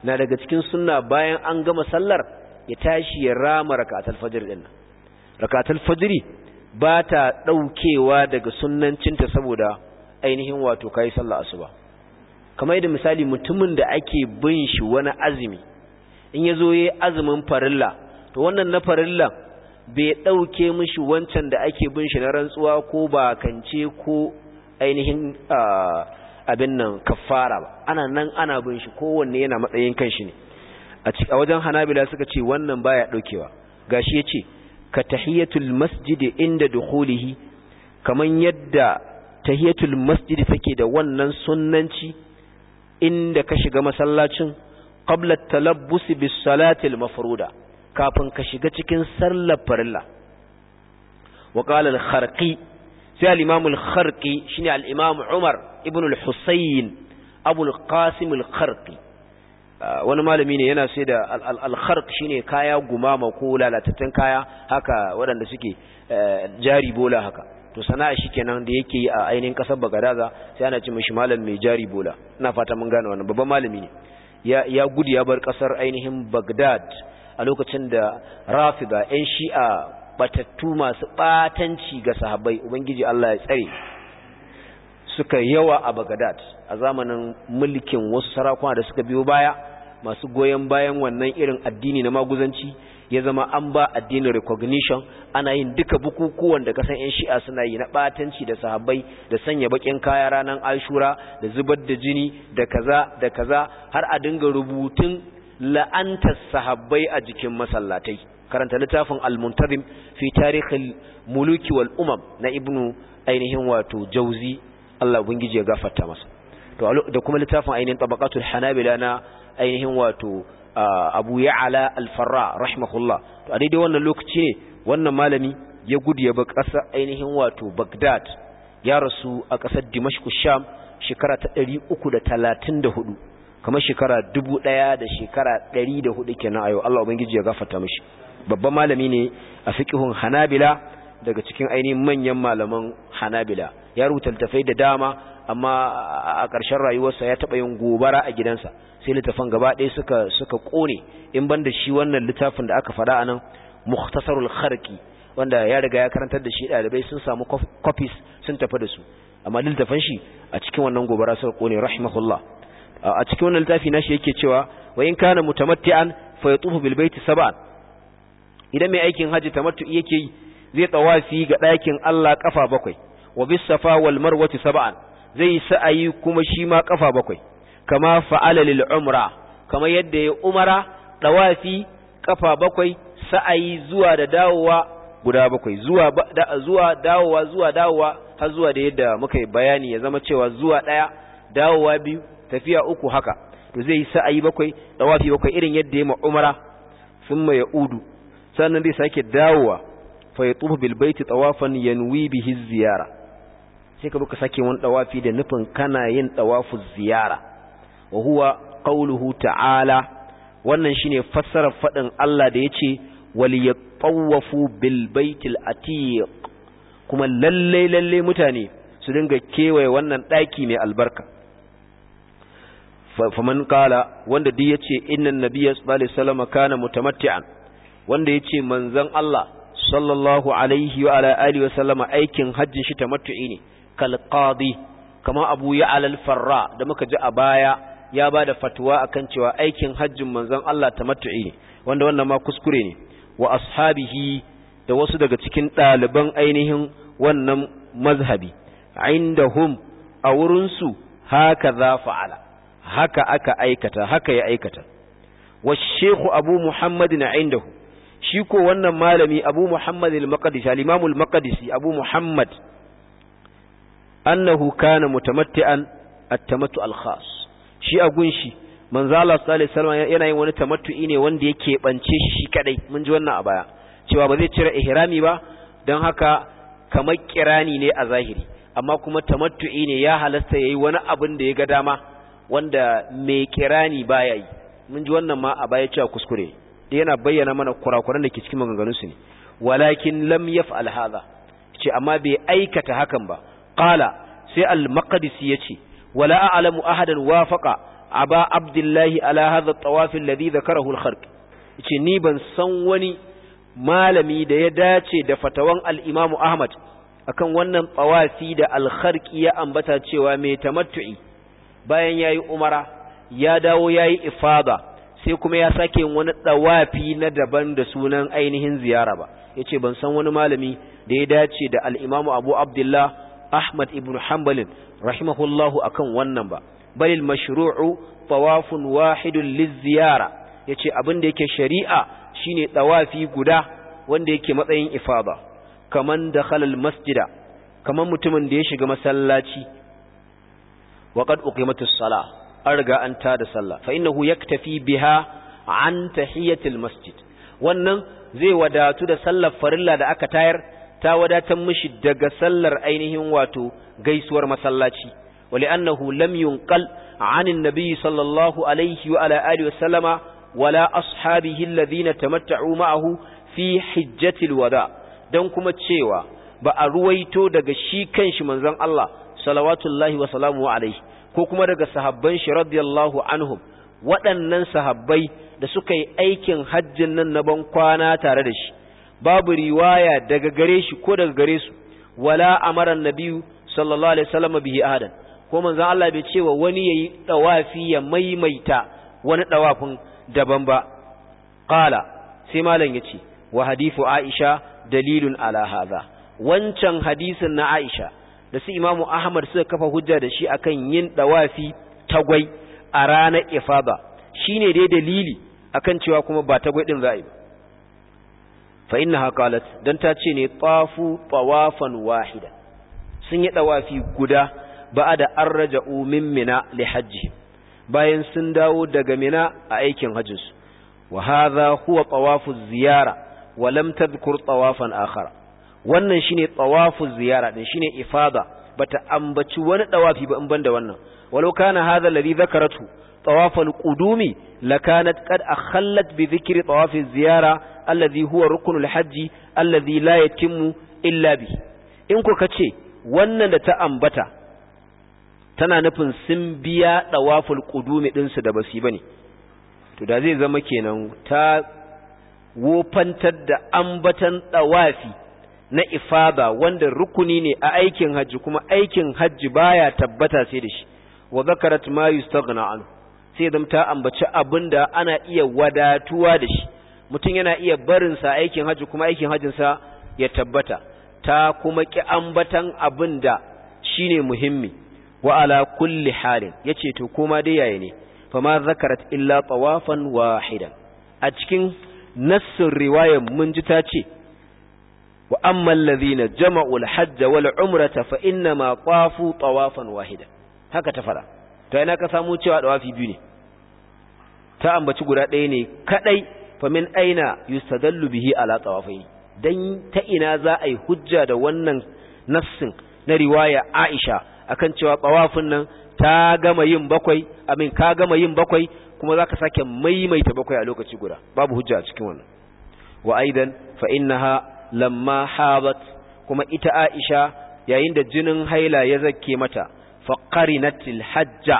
na daga cikin sunna bayan an gama sallar ya tashi ya rama rakatul fajr din rakatul fajri ba ta daukewa daga sunnancinta saboda ainihin wato kai sallar asuba kamar yadda misali mutumin da ake bin shi wani azumi in yazo yayi azumin farilla to wannan na farilla bai dauke mishi wancan da ake bin shi na rantsuwa ko ba kance ko ainihin ah, abin nan kafara ba ana nan ana bin shi kowanne yana matsayin kanshi ne a wajen hanabila suka ce wannan baya daukewa gashi ce ka tahiyatul masjidi inda dukhulihi kaman yadda tahiyatul masjidi take da wannan sunnanci inda ka shiga masallacin qabla talabbusi bis salati al mafruda kafin ka shiga cikin sallar farilla wa qala al kharqi sai al imam al kharqi shine al imam umar ibn al-husayn abul qasim al ah, wani malami ne yana sai da al-kharq shine kaya gumama ko lalatattun kaya haka waɗanda suke eh, jari bola haka to sana'a shikenan da yake yi a ainihin kasar bagadaza sai ana ce mishi malam mai jari bola ina fata mun gane wannan babban malami ne ya ya gudu ya bar kasar ainihin bagdad a lokacin da rafida yan shi'a batattu masu batanci ga sahabbai ubangiji Allah ya tsare suka yawa a Baghdad a zamanin mulkin wasu sarakuna da suka biyo baya masu goyon bayan wannan irin addini na maguzanci ya zama an ba addinin recognition ana yin duka bukukuwan da kasan yan shi'a suna yi na batanci da sahabbai da sanya bakin kaya ranar ashura da zubar da jini da kaza da kaza har a dinga rubutun la'antar sahabbai a jikin masallatai karanta littafin al fi tarihin muluki wal umam na ibnu ainihin wato jauzi Allah ubangiji ya gafarta masa to da kuma littafin ainihin tabaqatul hanabila na ainihin wato Abu ya'ala al-Farra rahimahullah to a daidai wannan lokaci ne wannan malami ya gudu ya ba ainihin wato Baghdad ya rasu a ƙasar Dimashq Sham shekara ta 334 kamar shekara 1000 da shekara 104 kenan ayo Allah ubangiji ya gafarta mishi babban malami ne a fiqhun Hanabila daga cikin ainihin manyan malaman hanabila ya rubuta da dama amma a ƙarshen rayuwarsa ya taɓa yin gobara a gidansa sai littafan gaba ɗaya suka suka ƙone in ban da shi wannan littafin da aka faɗa a nan muhtasarul kharqi wanda ya riga ya karantar da shi ɗalibai sun samu copies sun tafi da su amma littafan shi a cikin wannan gobara suka ƙone rahimahullah a cikin wannan littafi nashi yake cewa wa in kana mutamatti'an fa yatufu bil baiti sab'an idan mai aikin haji tamattu yake yi zai tawafi ga ɗakin Allah ƙafa bakwai wa bisa safa wal marwati sab'an zai sa'ayi kuma shi ma ƙafa bakwai kama fa'ala lil umra kama yadda ya umara tawafi ƙafa bakwai sa'ayi zuwa da dawowa guda bakwai zuwa da, zuwa dawowa zuwa dawowa har zuwa da yadda muka bayani ya zama cewa zuwa daya dawowa biyu tafiya uku haka to zai sa'ayi bakwai tawafi bakwai irin yadda ya umara thumma udu sannan zai sake dawowa fa bilbaiti bil baiti tawafan yanwi bihi ziyara sai ka buka sake wani tawafi da nufin kana yin tawafu ziyara wa huwa ta'ala wannan shine fassarar fadin Allah da yace wal yatawafu bil baitil atiq kuma lallai lallai mutane su dinga kewaye wannan ɗaki mai albarka faman kala wanda duk yace innan nabiyyu sallallahu alaihi wasallam kana mutamatti'an wanda yace manzon Allah sallallahu alaihi wa ala alihi wa sallama aikin hajjin shi tamattu'i ne kal qadi kama abu ya alal farra da muka ji a baya ya ba da fatuwa akan cewa aikin hajjin manzon Allah tamattu'i ne wanda wannan ma kuskure ne wa ashabihi da wasu daga cikin ɗaliban ainihin wannan mazhabi indahum a wurinsu haka za fa'ala haka aka aikata haka ya aikata wa shekhu abu muhammadin indahu shi ko wannan malami abu muhammad al-maqdisi al-imam al-maqdisi abu muhammad annahu kana mutamatti'an at-tamattu al-khas shi a gunshi manzo Allah sallallahu alaihi wasallam yana yin wani tamattu'i ne wanda yake bance shi kadai mun ji wannan a baya cewa ba zai cire ihrami ba don haka kamar kirani ne a zahiri amma kuma tamattu'i ne ya halasta yayi wani abin da ya ga dama wanda mai kirani baya yi mun ji wannan ma a baya cewa kuskure yana bayyana mana kurakuran da ke cikin maganganunsu ne walakin lam yaf'al hadha ce amma bai aikata hakan ba qala sai al-maqdisi yace wala a'lamu ahadan wafaqa aba abdullahi ala hadha at-tawaf alladhi dhakarahu al-kharq ce ni ban san wani malami da ya dace da fatawan al-imam ahmad akan wannan tawafi da al ya ambata cewa mai tamattu'i bayan yayi umara ya dawo yayi ifada sai kuma ya sake wani dawafi na daban da sunan ainihin ziyara ba yace ban san wani malami da ya dace da al Abu Abdullah Ahmad ibn Hanbal rahimahullahu akan wannan ba balil mashru'u tawafun wahidun liziyara yace abin da yake shari'a shine dawafi guda wanda yake matsayin ifada kaman da halal masjida kaman mutumin da ya shiga masallaci waqad uqimatus salah an riga an da sallah fa innahu yaktafi biha an tahiyatil masjid wannan zai wadatu da sallar farilla da aka tayar ta wadatar mishi daga sallar ainihin wato gaisuwar masallaci wali annahu lam yunqal anin nabiyyi sallallahu alaihi wa ala alihi wa wala ashabihi alladhina tamatta'u ma'ahu fi hijjatil wada dan kuma cewa ba a ruwaito daga shi kanshi manzon Allah salawatullahi wa salamu alaihi ko kuma daga sahabban shi radiyallahu anhum waɗannan sahabbai da suka yi aikin hajjin nan na ban kwana tare da shi babu riwaya daga gare shi ko daga gare su wala amaran nabiyu sallallahu alaihi wasallam bihi ahadan ko manzon Allah bai cewa wani yayi dawafi ya maimaita wani dawafin daban ba qala sai malam yace wa hadithu aisha dalilun ala hadha wancan hadisin na aisha da su imamu ahmad suka kafa hujja da shi akan yin dawafi tagwai a ranar ifada shine dai dalili akan cewa kuma ba tagwai din za'i ba fa innaha qalat dan ta ce ne tafu tawafan wahida sun yi dawafi guda ba'ada arraja'u min mina li hajji bayan sun dawo daga mina a aikin hajjinsu wa hadha huwa tawafu ziyara wa lam tadhkur tawafan akhara wannan shine tawafu ziyara din shine ifada bata ambaci wani dawafi ba in banda wannan walau kana hadha alladhi dhakaratu tawaf alqudumi lakanat qad akhallat bi dhikri tawaf ziyara alladhi huwa ruknul hajji alladhi la yatimmu illa bi in ku kace wannan da ta ambata tana nufin sun biya dawaful qudumi din su da basi bane to da zai zama kenan ta wofantar da ambatan ɗawafi. na ifada wanda rukuni ne a aikin hajji kuma aikin hajji baya tabbata sai da shi wa zakarat ma yustaghna an sai zam ta ambaci abinda ana iya wadatuwa da shi mutum yana iya barin sa aikin hajji kuma aikin hajjin sa ya tabbata ta kuma ki ambatan abinda shine muhimmi wa ala kulli halin yace to koma dai yayi ne fama zakarat illa tawafan wahidan a cikin nassin riwayar mun ji ta ce wa amma alladhina jama'u al-hajj wal umrata fa inna ma qafu tawafan wahida haka ta fara to ina ka samu cewa dawafi biyu ne ta ambaci guda ɗaya ne kadai fa min aina yustadallu bihi ala tawafai dan ta ina za a yi hujja da wannan nassin na riwaya Aisha akan cewa tawafin nan ta gama yin bakwai amin ka gama yin bakwai kuma zaka sake maimaita bakwai a lokaci guda babu hujja a cikin wannan wa aidan fa innaha lamma habat kuma ita Aisha yayin da jinin haila ya zake mata faqarinatil hajja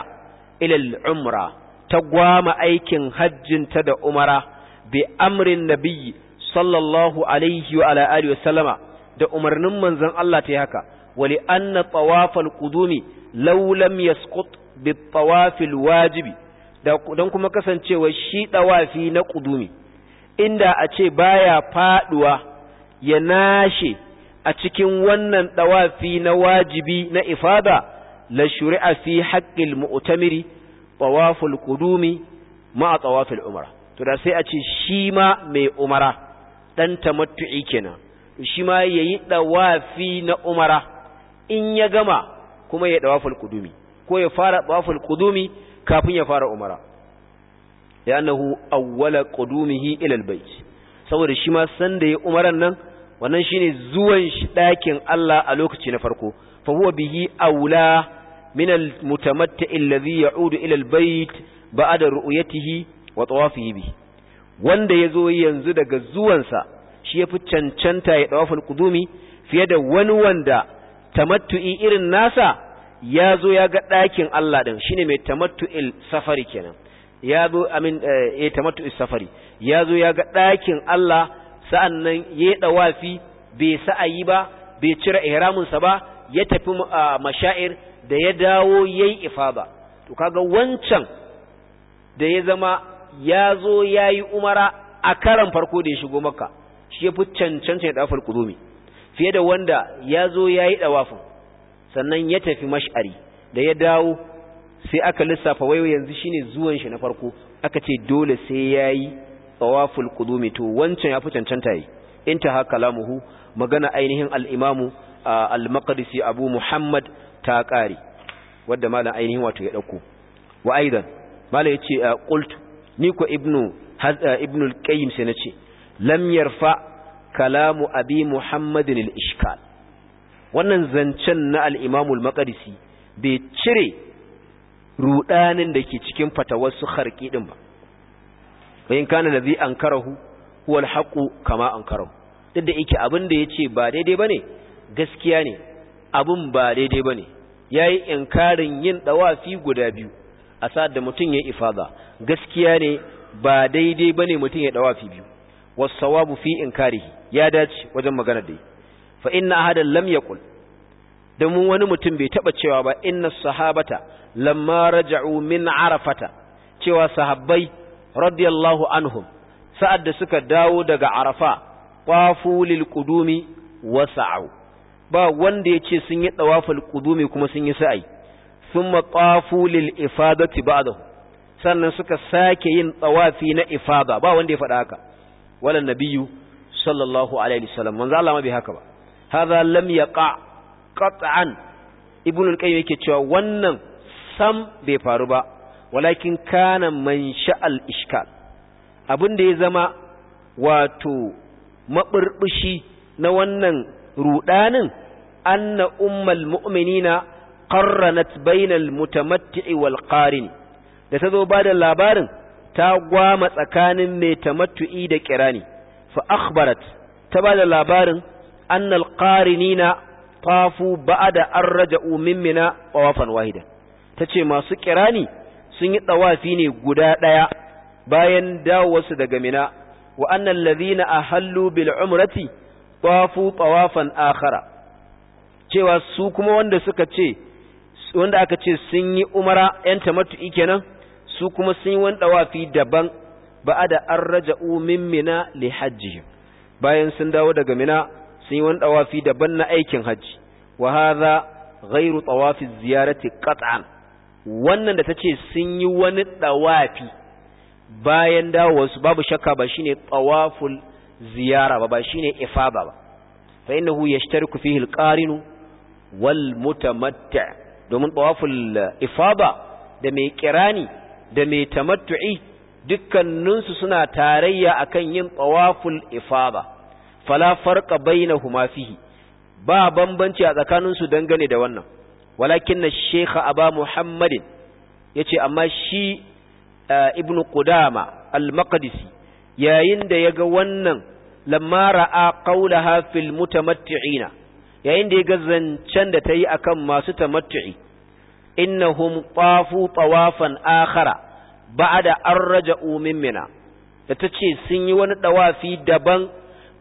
ila al-umra ta gwama aikin hajjin ta da umara bi amrin nabiyyi sallallahu alaihi wa ala alihi wasallama da umarnin manzon Allah ta yi haka wali anna tawafal qudumi law lam yasqut bi tawafil wajibi don kuma kasancewa shi dawafi na qudumi inda a ce baya faduwa ya nashe a cikin wannan ɗawafi na wajibi na ifada la shuri'a fi haƙƙil mu'tamiri tawaful qudumi ma tawaful umra to da sai a ce shi ma mai umara dan tamattu'i kenan shi ma yayi ɗawafi na umara in ya gama kuma ya ɗawaful qudumi ko ya fara ɗawaful qudumi kafin ya fara umara ya annahu awwala qudumihi ilal albayt saboda shi ma san da ya umaran nan wannan shine zuwan shi ɗakin Allah a lokaci na farko fa huwa bihi aula min almutamatti alladhi ya'udu ila albayt ba'da ru'yatihi wa tawafihi bi wanda yazo yanzu daga zuwansa shi yafi cancanta ya tawaful qudumi fiye da wani wanda tamattu'i irin nasa ya zo ya ga ɗakin Allah ɗin shine mai tamattu'il safari kenan ya zo amin eh, eh tamattu'is safari ya zo ya ga ɗakin Allah sa'an nan ya yi ɗawafi bai sa'ayi ba bai cire ihraminsa ba ya tafi mashair da ya dawo ya yi ifa ba. to kaga wancan da ya zama ya zo ya yi umara a karan farko da ya shigo maka shi ya fi cancanta da ɗafar kudumi fiye da wanda ya zo ya yi ɗawafin sannan ya tafi mash'ari da ya dawo sai aka lissafa waiwa yanzu shine zuwan shi na farko aka ce dole sai ya yi. tawaful qudumi to wancan ya fi cancanta yi intaha kalamuhu magana ainihin al-imamu al-maqdisi abu muhammad ta wanda malam ainihin wato ya dauko wa aidan malam yace qultu ni ko ibnu ibnu qayyim sai nace lam yarfa kalamu abi muhammadin al-ishkal wannan zancen na al-imamu al-maqdisi bai cire rudanin da ke cikin fatawar su harki din ba wayin kana ladhi ankarahu huwa alhaqu kama ankarahu duk da yake abin da yace ba daidai bane gaskiya ne abin ba daidai bane yayi inkarin yin dawafi guda biyu a sa'ad da mutun ya ifada gaskiya ne ba daidai bane mutun ya dawafi biyu was-sawabu fi inkarihi ya dace wajen magana dai fa inna ahadan lam yaqul mun wani mutum bai taba cewa ba inna sahabata lamma raja'u min arafata cewa sahabbai radiyallahu anhum sa'ad da suka dawo daga arafa kwafu lil qudumi wa sa'u ba wanda ya ce sun yi tawaful kudumi kuma sun yi sa'i thumma tafu lil ifadati ba'dahu sannan suka sake yin tawafi na ifada ba wanda ya faɗa haka wala nabiyyu sallallahu alaihi wasallam manzo Allah ma bai haka ba hadha lam yaqa qat'an ibnu al-qayyim yake cewa wannan sam bai faru ba walakin kana man sha'al ishkal abin da ya zama wato maɓurɓushi na wannan ruɗanin anna ummal mu'minina qarranat bainal mutamatti'i wal qarin da ta zo ba da labarin ta gwama tsakanin mai tamattu'i da kirani fa akhbarat ta ba da labarin annal qarinina tafu da an raja'u min mina tawafan wahida tace masu kirani sun yi ɗawafi ne guda ɗaya bayan dawo dawowarsu daga mina wa annan lazina a hallu bil umrati tawafu tawafan akhara cewa su kuma wanda suka ce wanda aka ce sun yi umara yan tamattu'i kenan su kuma sun yi wani ɗawafi daban ba da an raja min mina li hajji bayan sun dawo daga mina sun yi wani ɗawafi daban na aikin hajji wa hadha ghairu tawafi ziyarati qat'an wannan da ta ce sun yi wani ɗawafi bayan wasu babu shakka ba shine tsawaful ziyara ba ba shine ifaba ba fa innahu yashtariku fihi wal mutamatti domin tsawaful ifaba da mai kirani da mai tamattu'i dukkaninsu suna tarayya akan yin tsawaful ifaba fala farqa bainahuma fihi ba bambanci a tsakaninsu dangane da wannan walakin na shekha aba muhammadin ya ce amma shi eh, ibn qudama al-maqdisi yayin da ya ga wannan lamma ra'a qawlaha fil mutamatti'ina yayin da ya ga zancen da ta yi akan masu tamattu'i innahum tafu akara akhara da an umin min mina da ta ce sun yi wani ɗawafi daban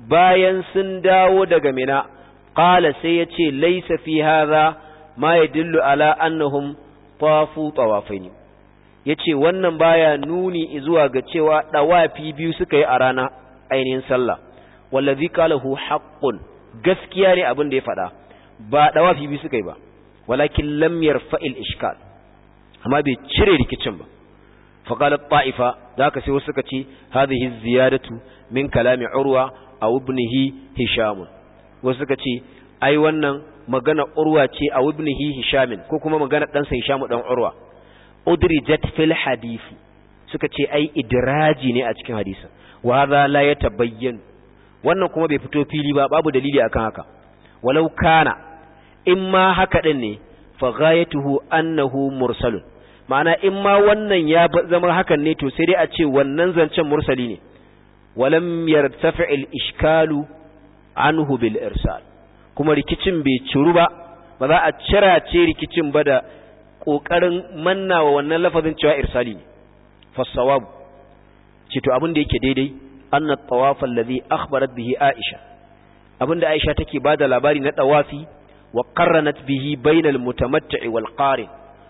bayan sun dawo daga mina qala sai ya ce laysa fi hadha ma lu'ala ala annahum tawafu tawafaini yace wannan baya nuni zuwa ga cewa dawafi biyu suka yi a rana ainihin sallah wallazi qalahu haqqun gaskiya ne abin da ya faɗa ba dawafi biyu suka yi ba walakin lam yarfa'il ishkal amma bai cire rikicin ba فقال الطائفة ذاك سيوسكتي هذه الزيادة من كلام عروة أو wasu هشام وسكتي أي wannan. magana urwa ce a ibnihi hishamin ko kuma magana ɗansa hishamu ɗan urwa udrijat fil hadisi suka ce ai idraji ne a cikin hadisin wa ya la yatabayyan wannan kuma bai fito fili ba babu dalili akan haka walau kana in ma haka din ne fa ghayatuhu annahu mursalun ma'ana in ma wannan ya zama hakan ne to sai dai a ce wannan zancen mursali ne walam yartafi al-ishkalu anhu bil irsal kuma rikicin bai ciru ba ba za a ce rikicin ba da ƙoƙarin mannawa wannan lafazin cewa irsali ne fassawabu ce to abin da yake daidai anna tawaf allazi akhbarat bihi aisha abin da aisha take bada labari na tawafi wa qarranat bihi bainal mutamatt'i wal qarin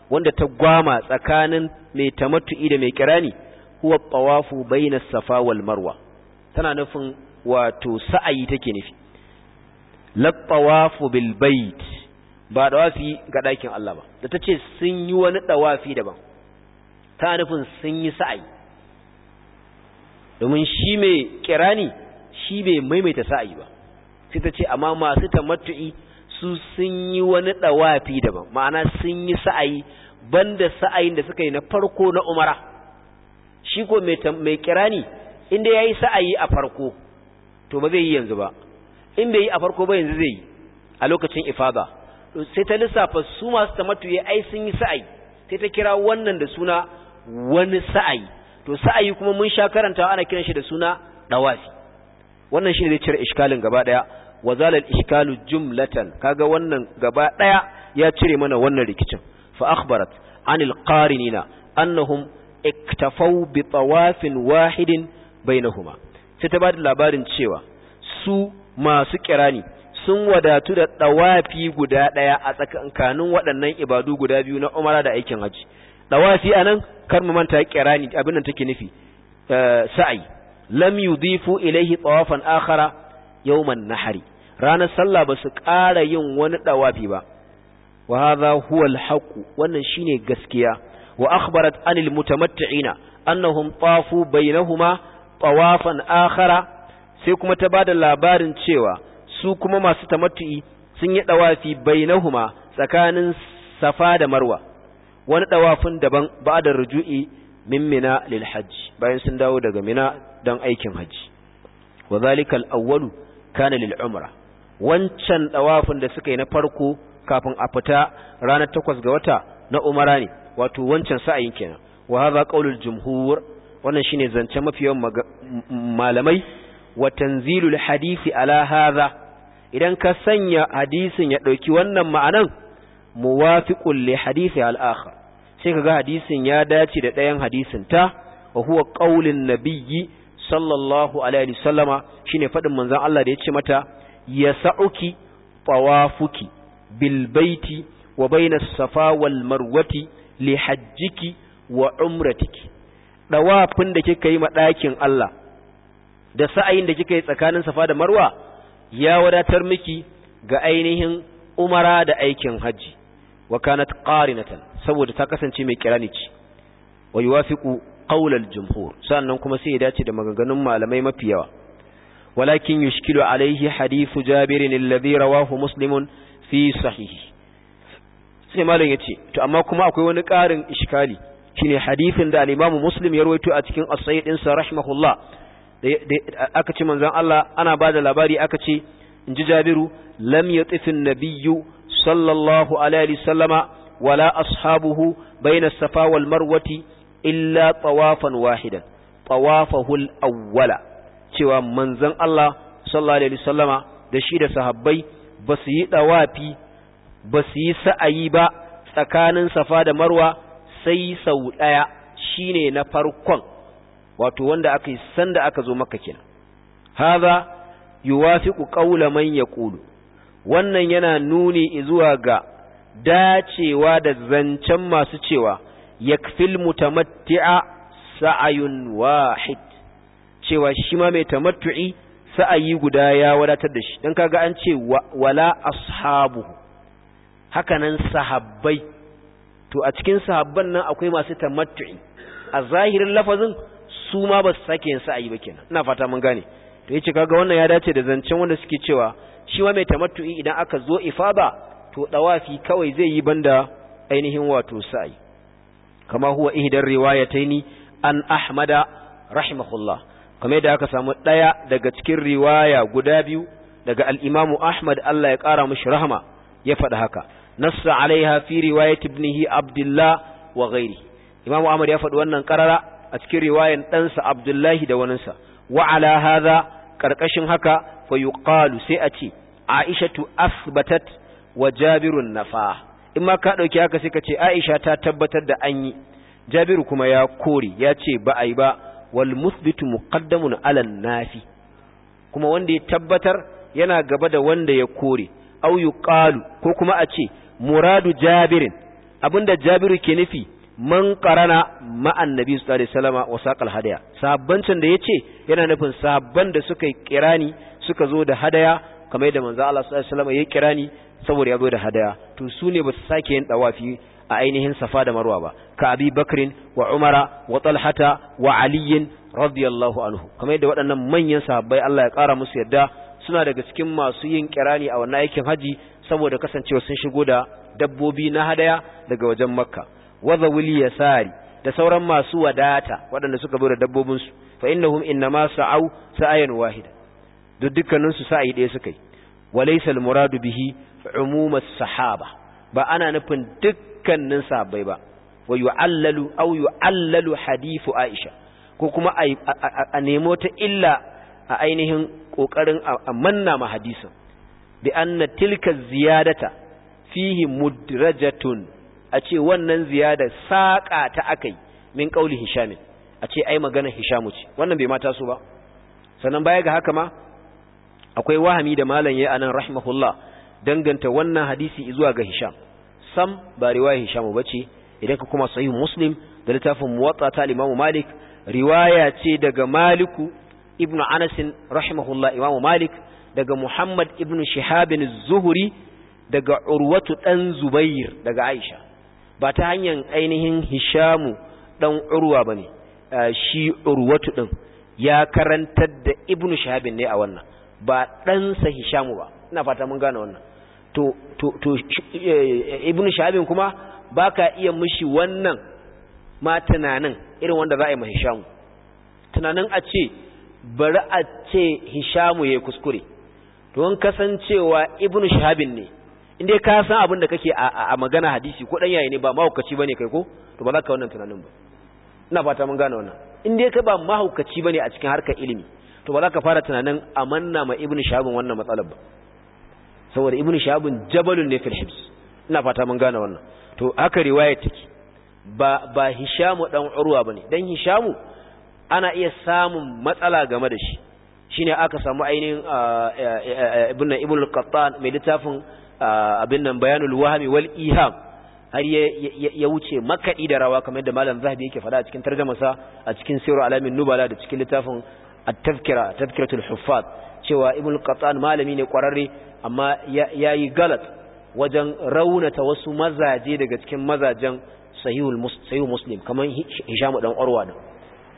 wanda ta gwama tsakanin mai tamattu'i da mai kirani huwa tawafu bainas safa wal marwa tana nufin wato sa'ayi take nufi lattawafu bil bait ba dawafi ga dakin Allah ba da tace sun yi wani dawafi daban ta nufin sun yi sa'i domin shi mai kirani shi bai maimaita sa'i ba sai ce amma masu tamattu'i su sun yi wani dawafi daban ma'ana sun yi sa'ayi banda sa'ayin da suka yi na farko na umara shi ko mai kirani inda ya yi sa'ayi a farko to ba zai yi yanzu ba in bai yi a farko ba yanzu zai yi a lokacin ifada sai ta lissafa su masu tamattu'i ai sun yi sa'ayi sai ta kira wannan da suna wani sa'ayi to sa'ayi kuma mun sha karantawa ana kiran shi da suna dawafi wannan shine zai cire iskalin gaba daya wazalal iskalu jumlatan kaga wannan gaba daya ya cire mana wannan rikicin fa akhbarat anil qarinina annahum iktafaw bi tawafin wahidin bainahuma sai ta bada labarin cewa su masu kirani sun wadatu da dawafi guda daya a tsakankanin waɗannan ibadu guda biyu na umara da aikin haji dawafi anan kar mu manta kirani abin nan take nufi eh, sa'i lam yudifu ilaihi tawafan akhara yawman nahari ranar sallah ba su ƙara yin wani dawafi ba wa hadha huwa alhaqu wannan shine gaskiya wa akhbarat anil mutamatti'ina annahum tafu bainahuma tawafan akhara sai kuma ta bada labarin cewa su kuma masu tamattu'i sun yi dawafi bainahuma tsakanin safa da marwa wani dawafin daban ba da ruju'i min mina lil hajji bayan sun dawo daga mina don aikin hajji wa zalikal awwalu kana lil umra wancan dawafin da suka yi na farko kafin a fita ranar takwas ga wata na umara ne wato wancan sa'ayin kenan wa hadha qaulul jumhur wannan shine zancen mafi malamai wa tanzilul hadisi ala hadha idan ka sanya hadisin ya dauki wannan ma'anan muwafiqul li hadisi al-akhar sai kaga hadisin ya dace da ɗayan hadisin ta wa huwa qaulin nabiyyi sallallahu alaihi wasallama shine fadin manzon Allah da yace mata yasauki tawafuki bil baiti wa bainas safa wal marwati li hajjiki wa umratiki dawafin da kika yi ma ɗakin Allah da sa'ayin da kika yi tsakanin safa da marwa ya wadatar miki ga ainihin umara da aikin hajji wa kanat qarinatan saboda ta kasance mai kiranici wa yuwafiqu al jumhur sannan kuma sai ya dace da maganganun malamai mafi yawa walakin yushkilu alaihi hadithu jabir alladhi rawahu muslimun fi sahihi sai malam yace to amma kuma akwai wani ƙarin iskali shine hadithin da al imam muslim ya rawaito a cikin as-sahih rahimahullah aka ce manzon Allah ana ba da labari aka ce in ji jabiru lam yatifin nabiyyu sallallahu alaihi sallama wala ashabuhu bayna safa wal marwati illa tawafan wahidan tawafahu awwala cewa manzon Allah sallallahu alaihi sallama da shi da sahabbai ba su yi dawafi ba su yi sa'ayi ba tsakanin safa da marwa sai sau daya shine na farkon wato wanda aka yi sanda aka zo maka kenan haza. yuwafiqu qawla man yaqulu wannan yana nuni zuwa ga dacewa da zancen masu cewa yakfil mutamatti'a sa'ayun wahid cewa shi ma mai tamattu'i sa'ayi guda ya wadatar da shi dan kaga an ce wala ashabu hakanan sahabbai to a cikin sahabban nan akwai masu tamattu'i a zahirin lafazin su ma ba su sake yin sa'ayi ba kenan ina fata mun gane to yace kaga wannan ya dace da zancen wanda suke cewa shi ma mai tamattu'i idan aka zo ifada to dawafi kawai zai yi banda ainihin wato sa'i kama huwa ihdar riwayataini an ahmada rahimahullah kamar da aka samu daya daga cikin riwaya guda biyu daga al-imam ahmad Allah ya kara mishi rahama ya faɗa haka nassa alaiha fi riwayat ibnihi abdullah wa ghairi imam ahmad ya faɗi wannan karara a cikin riwayan ɗansa abdullahi da waninsa wa ala haza karkashin haka fa yuqalu sai a ce Aisha tu asbatat wa jabirun nafa in ma ka ɗauki haka sai ka ce aisha ta tabbatar da an yi jabiru kuma ya kore ya ce ba a yi ba wal musbitu muqaddamun ala nafi kuma wanda ya tabbatar yana gaba da wanda ya kore au yuqalu ko kuma a ce muradu jabirin abinda jabiru ke nufi man qarana ma'an nabi sallallahu alaihi wasallam wa saqal hadaya sabbancin da yace yana nufin sabban da suka kirani suka zo da hadaya kamar da manzo Allah sallallahu alaihi wasallam ya kirani saboda ya zo da hadaya to su ne ba su sake yin dawafi a ainihin safa da marwa ba ka abi bakrin wa umara wa talhata wa aliyin radiyallahu anhu kamar yadda waɗannan manyan sahabbai Allah ya kara musu yadda suna daga cikin masu yin kirani a wannan aikin haji saboda kasancewa sun shigo da dabbobi na hadaya daga wajen makka wa zawil yasari da sauran masu wadata waɗanda suka zo da dabbobin su fa innahum innama sa'au sa'ayan wahida duk dukkanin su ɗaya suka yi walaysa muradu bihi umuma sahaba ba ana nufin dukkanin sahabbai ba wa yu'allalu aw yu'allalu hadithu aisha ko kuma a nemo ta illa a ainihin kokarin a manna ma hadisin bi anna tilka ziyadata fihi mudrajatun a ce wannan ziyada saƙa ta akai min ƙauli hishamin a ce ai magana hishamu ce wannan bai mata su ba sannan baya ga haka ma akwai wahami da malam yayi anan rahimahullah danganta wannan hadisi zuwa ga hisham sam ba riwaya hishamu ce idan ka kuma sahih muslim da littafin muwatta ta imam malik riwaya ce daga maliku ibnu anas rahimahullah imam malik daga muhammad ibnu shihab zuhuri daga urwatu dan zubair daga aisha ba ta hanyar ainihin hishamu dan urwa ba ne shi urwatu ɗin ya karantar da ibnu shahabin ne a wannan ba ɗansa hishamu ba ina fata mun gane wannan to, to, to eh, ibnu shahabin kuma ba ka iya mishi wannan ma tunanin irin wanda za a yi ma hishamu tunanin a ce bari a ce hishamu ya kuskure don kasancewa ibnu shahabin ne in dai ka san abin da kake a magana hadisi ko dan yayi ne ba mahaukaci bane kai ko to ba za ka wannan tunanin ba ina fata mun gane wannan in dai ka ba mahaukaci bane a cikin harkar ilimi to ba za ka fara tunanin amanna ma ibnu shabun wannan matsalar ba saboda ibnu shabun jabalun ne fil hibs ina fata mun gane wannan to haka riwaya take ba ba hishamu dan urwa bane dan hishamu ana iya samun matsala game da shi shine aka samu ainihin ibnu ibnu al-qattan mai littafin abin nan bayanul wahmi wal iham har ya wuce makadi da rawa kamar yadda malam zahabi yake fada a cikin tarjumasa a cikin sirru alamin nubala da cikin littafin at-tafkira tafkiratul huffaz cewa ibnu qatan malami ne kwararre amma yayi galat wajen raunata wasu mazaje daga cikin mazajen sahihul muslim kamar hisham dan urwa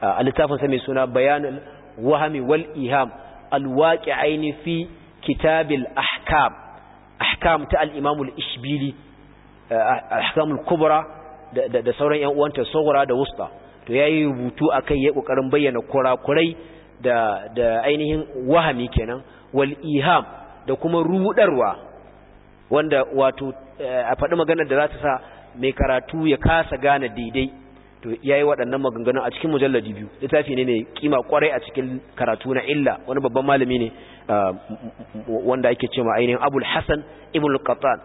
a littafin sa mai suna bayanul wahmi wal iham alwaƙi fi kitabil ahkam ahkam ta al-imam al-ishbili eh, ahkam al-kubra da sauran yan uwanta sogora da wusta to yayi rubutu akai yayi kokarin bayyana kurakurai da da ainihin wahami kenan wal iham da kuma rudarwa wanda wato eh, a faɗi magana da za ta sa mai karatu ya kasa gane daidai to ya yi waɗannan maganganun a cikin mujalladi biyu littafi ne mai kima kwarai a cikin karatu na illa wani babban malami ne ah, wanda ake cewa ainihin Abul Hasan Ibn Qattan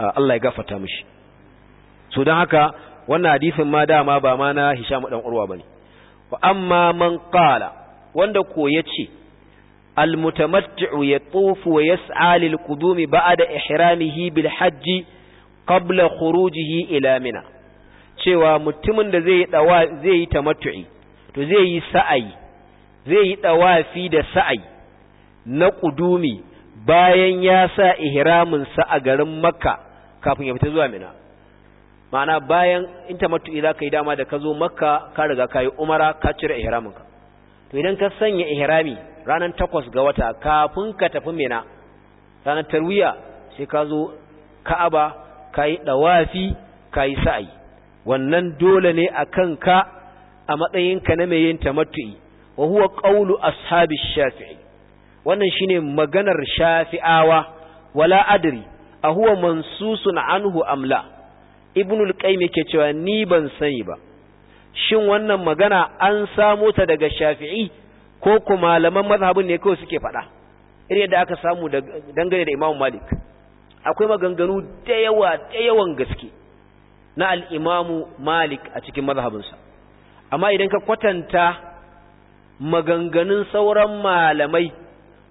ah, Allah ya gafarta mishi so don haka wannan hadisin ma dama ba ma na Hisham dan Urwa bane wa amma man qala wanda ko yace al mutamatti'u yatufu wa yas'a lil qudumi ba'da ihramihi bil hajji qabla khurujihi ila mina cewa mutumin da zai dawa zai yi tamattu'i to zai yi sa'ayi zai yi dawafi da sa'ayi na kudumi bayan ya sa ihramin sa a garin makka kafin ya fita zuwa mina ma'ana bayan in tamattu'i zaka yi dama da ka zo makka ka riga ka yi umara ka cire ihramin ka to idan ka sanya ihrami ranar takwas ga wata kafin ka tafi mina ranar tarwiya sai ka zo ka'aba ka yi dawafi ka yi sa'ayi wannan dole ne a kanka a matsayinka na mai yin tamattu'i wa huwa qawlu ashabi shafi'i wannan shine maganar shafi'awa wala adri a huwa mansusun anhu amla ibnu al yake cewa ni ban sani ba shin wannan magana an samu ta daga shafi'i ko kuma malaman mazhabin ne kawai suke faɗa irin yadda aka samu dangane da imam malik akwai maganganu da yawa da yawan gaske na al'imamu malik a cikin mazhabinsa amma idan ka kwatanta maganganun sauran malamai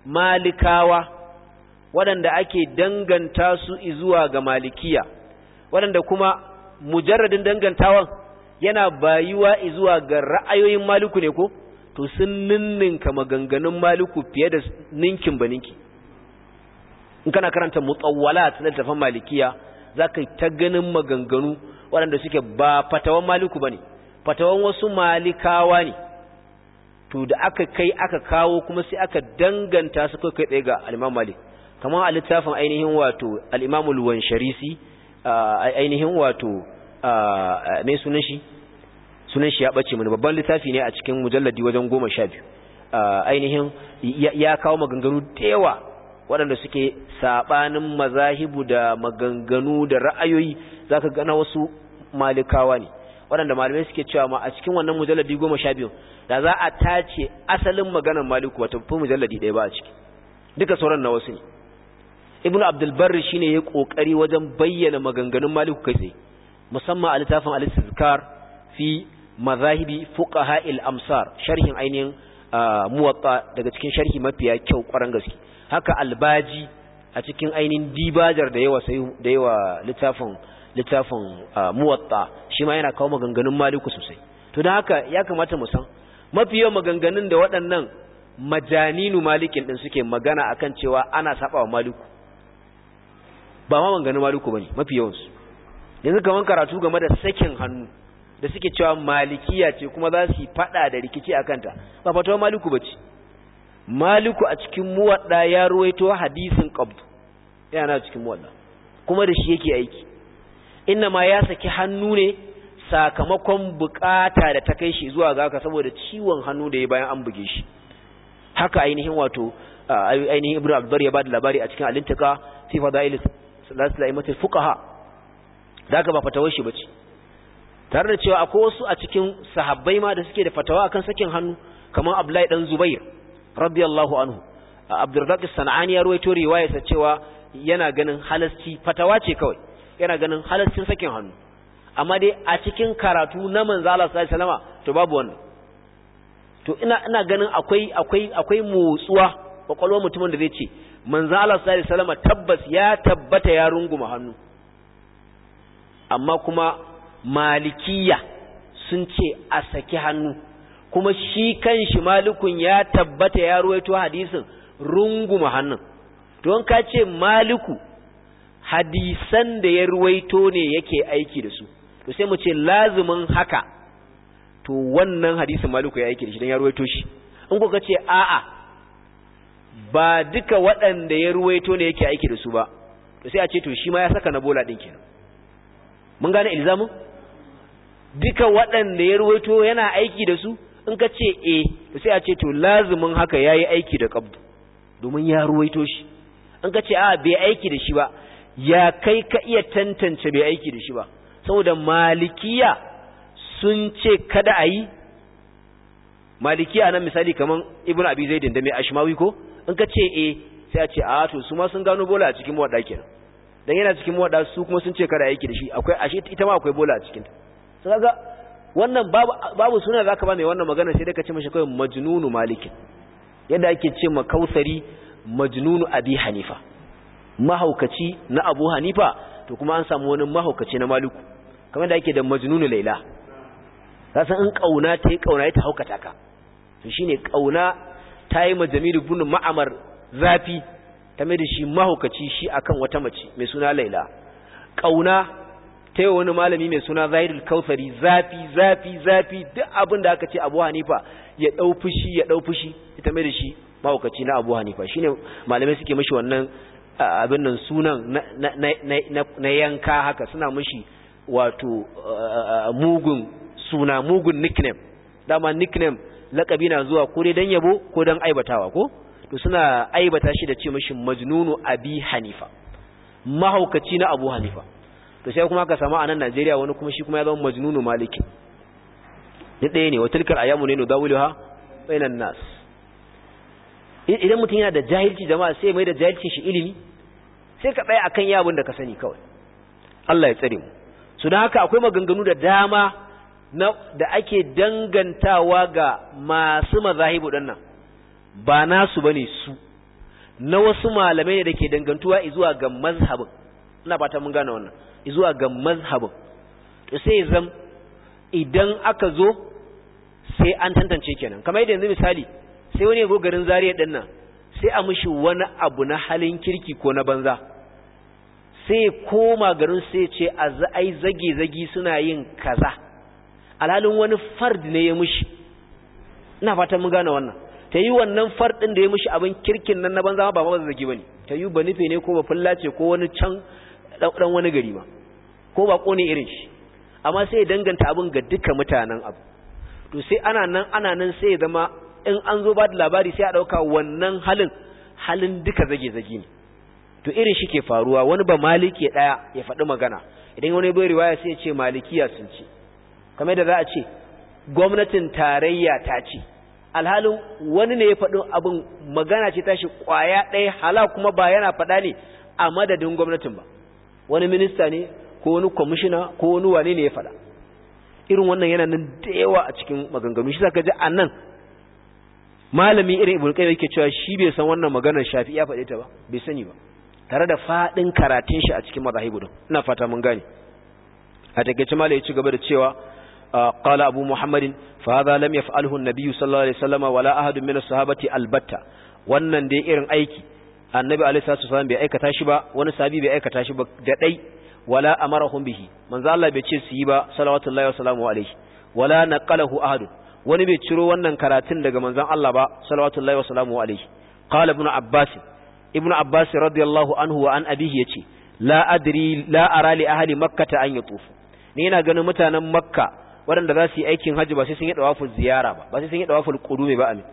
malikawa waɗanda ake danganta su zuwa ga malikiya waɗanda kuma mujarradin dangantawan yana bayuwa zuwa ga ra'ayoyin maliku ne ko to sun ninninka maganganun maliku fiye da ninkin ba ninki. in kana karanta mutawwalat na tafan malikiya za ka ta ganin maganganu waɗanda suke ba fatawan maliku ba ne fatawan wasu malikawa ne to da aka kai aka kawo kuma sai aka danganta su kai tsaye ga al'imam malik kamar a littafin ainihin wato ulwan sharisi ainihin wato ne sunan shi sunan shi ya ɓace mana babban littafi ne a cikin mujalladi wajen goma sha biyu ainihin ya kawo maganganu da yawa waɗanda suke saɓanin mazahibu da maganganu da ra'ayoyi za ka gana wasu malikawa ne waɗanda malamai suke cewa ma a cikin wannan mujalladi goma sha biyu da za a tace asalin maganar maliku wata fi mujalladi ɗaya ba a ciki duka sauran na wasu ne ibn abdulbarri shi ne ya ƙoƙari wajen bayyana maganganun maliku kai tsaye musamman a littafin al-istizkar fi mazahibi fuqaha al-amsar sharhin ainihin muwatta daga cikin sharhi mafiya kyau ƙwarar gaske haka albaji a cikin ainihin dibajar da yawa da yawa littafin littafin muwatta shi ma yana kawo maganganun maliku sosai to don haka ya kamata mu san mafi yawan maganganun da waɗannan majaninu malikin ɗin suke magana akan cewa ana saba wa maliku ba ma maganganun maliku ba ne, mafi yawansu yanzu kaman karatu game da sakin hannu da suke cewa malikiya ce kuma za su yi fada da rikici a kanta ba fatawa maliku bace maliku a cikin muwadda ya ruwaito hadisin qabd yana cikin muwadda kuma da shi yake aiki inna ma ya saki hannu ne sakamakon bukata da ta kai shi zuwa ga haka saboda ciwon hannu da ya bayan an buge shi haka ainihin wato ainihin ibnu abdur ya bada labari a cikin alintaka fi fadail imati fuqaha ka ba fatawar shi bace tare da cewa akwai wasu a cikin sahabbai ma da suke da fatawa akan sakin hannu kamar abdullahi dan zubair radiyallahu anhu abdurrazzaq sanani ya ruwaito riwayarsa cewa yana ganin halasci fatawa ce kawai yana ganin halaccin sakin hannu amma dai a cikin karatu na manzo Allah sallallahu alaihi wasallam to babu wannan to ina ina ganin akwai akwai akwai motsuwa kwakwalwar mutumin da zai ce manzo Allah sallallahu alaihi wasallam tabbas ya tabbata ya runguma hannu amma kuma malikiya sun ce a saki hannu kuma shi kanshi malikun ya tabbata ya ruwaito hadisin runguma hannun to an ka ce maliku hadisan da ya ruwaito ne yake aiki da su to sai mu ce lazumin haka to wannan hadisin maliku ya aiki da shi don ya ruwaito shi in kuka ce a'a ba duka waɗanda ya ruwaito ne yake aiki da su ba to sai a ce to shi ma ya saka na bola ɗin kenan mun gane ilzamin duka waɗanda ya ruwaito yana aiki da su in ka ce e to sai a ce to lazumin haka ya yi aiki da ƙabdu domin ya ruwaito shi in ka ce a bai aiki da shi ba ya kai ka iya tantance bai aiki da shi ba saboda malikiya sun ce kada a yi malikiya nan misali kaman ibn abi zaidin da mai ashmawi ko in ka ce eh sai a ce a ah, to su ma sun gano bola a cikin wadda kenan dan yana cikin wadda su kuma sun ce kada a yi da shi akwai ashe ita ma akwai bola a cikin ta sai kaga wannan babu babu suna zaka ba mai wannan magana sai dai ka ce mishi kawai majnunu malikin yadda ake ce ma kausari majnunu abi hanifa mahaukaci na abu hanifa to kuma an samu wani mahaukaci na maluku kamar da ake da majnunu laila kasan in kauna ta yi kauna ya ta haukata ka to shine kauna ta yi majamiru bin ma'amar zafi ta mai da shi mahaukaci shi akan wata mace mai suna laila kauna ta yi wani malami mai suna zahirul kautsari zafi zafi zafi duk abin da aka ce abu hanifa ya ɗau fushi ya ɗau fushi ita mai da shi mahaukaci na abu hanifa shine malamai suke mashi wannan abin nan sunan na yanka haka suna mushi wato eh, mugun suna mugun nickname dama nickname lakabi na zuwa ko dai dan yabo ko dan aibatawa ko to suna aibata shi da ce mushi majnunu abi hanifa mahaukaci na abu hanifa to sai kuma aka samu a nan Najeriya wani kuma shi kuma ya zama majnunu maliki ni ɗaya ne wa tilkal ayamu ne nudawilha bainan nas idan mutum yana da jahilci jama'a sai mai da jahilcin shi ilimi sai ka tsaya akan yabun da ka sani kawai Allah ya tsare mu su dan haka akwai maganganu da dama da ake dangantawa ga masu mazahibu ɗan nan ba nasu bane su na wasu malamai ne da ke dangantuwa zuwa ga mazhabin ina fata mun gane wannan zuwa ga mazhabin to sai zam idan aka zo sai an tantance kenan kamar yadda yanzu misali sai wani yago garin zariya din nan sai a mishi wani abu na halin kirki ko na banza sai koma garin sai ce a ai zage zagi suna yin kaza alhalin wani fard ne ya mishi ina fatan mun gane wannan ta yi wannan fardin da ya mishi abin kirkin nan na banza ba ma zage ba ne ta yi ba nufe ne ko ba ce ko wani can ɗan wani gari ma ko ba ƙone irin shi amma sai ya danganta abin ga duka mutanen abu to sai ana nan ana nan sai ya zama in an zo ba da labari sai a ɗauka wannan halin halin duka zage-zage ne to irin shi ke faruwa wani ba maliki ya ɗaya ya faɗi magana idan wani bai riwaya sai ya ce malikiya sun ce kamar da za a ce gwamnatin tarayya ta ce alhalin wani ne ya faɗi abin magana ce tashi ƙwaya ɗaya hala kuma ba yana faɗa ne a madadin gwamnatin ba wani minista ne ko wani kwamishina ko wani wane ne ya faɗa irin wannan yana nan da yawa a cikin maganganu shi zaka ji a nan malami irin ibn qayyim yake cewa shi bai san wannan maganar shafi ya faɗe ta ba bai sani ba tare da fadin karatun shi a cikin mazahibu din ina fata mun gane a takeice malai ya ci gaba da cewa qala abu muhammadin fa hadha lam yaf'alhu an-nabiy sallallahu alaihi wasallam wala ahadun min as-sahabati albatta wannan dai irin aiki annabi alaihi salatu wasallam bai aikata shi ba wani sahabi bai aikata shi ba da dai wala amarahum bihi manzo Allah bai ce su yi ba sallallahu alaihi wasallam wala naqalahu ahadun wani bai ciro wannan karatun daga manzon Allah ba salawatullahi wa salamu alaihi qala ibn abbas ibn abbas radiyallahu anhu wa an abihi yace la adri la ara li ahli makkah an yatufu ni ina ganin mutanen makka waɗanda za su yi aikin hajji ba sai sun yi dawaful ziyara ba ba sai sun yi dawaful qudumi ba amin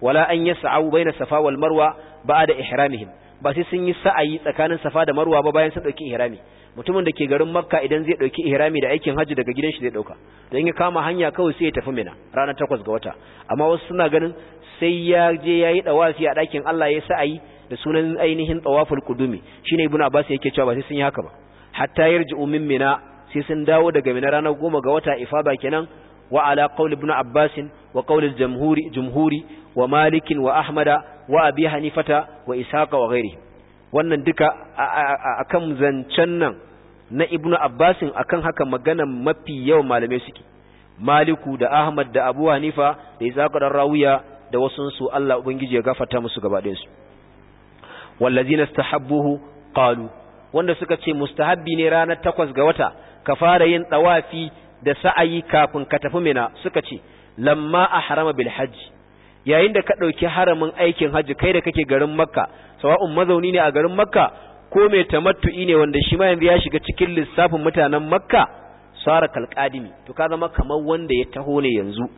wala an yas'u baina safa wal marwa ba'da ihramihim ba sai sun yi sa'ayi tsakanin safa da marwa ba bayan sun dauki ihrami mutumin da ke garin makka idan zai dauki ihrami da aikin hajji daga gidan shi zai dauka don ya kama hanya kawai sai ya tafi mina ranar takwas ga wata amma wasu suna ganin sai ya je ya yi dawafi a ɗakin Allah ya sa'ayi da sunan ainihin tsawafar kudumi shine ibnu abbas yake cewa ba sai sun yi haka ba hatta yarji'u umin mina sai sun dawo daga mina ranar goma ga wata ifada kenan wa ala qawl ibnu abbas wa qawl jumhuri jumhuri wa malik wa ahmada wa abi hanifata wa isaqa wa ghairihi wannan duka a kan zancen nan na ibnu abbasin akan haka magana mafi yawan malamai suke maliku da ahmad da abu hanifa da isaqa dan rawiya da su Allah ubangiji ya gafarta musu gaba ɗayan su wallazina istahabbuhu qalu wanda suka ce mustahabbi ne ranar takwas ga wata ka fara yin tawafi da sa'ayi kafin ka tafi mina suka ce lamma ahrama bil hajji yayin da ka ɗauki haramin aikin hajji kai da kake garin makka sawa'un mazauni ne a garin makka ko mai tamattu'i ne wanda shi ma yanzu ya shiga cikin lissafin mutanen makka sara kalqadimi to ka zama kamar wanda ya taho ne yanzu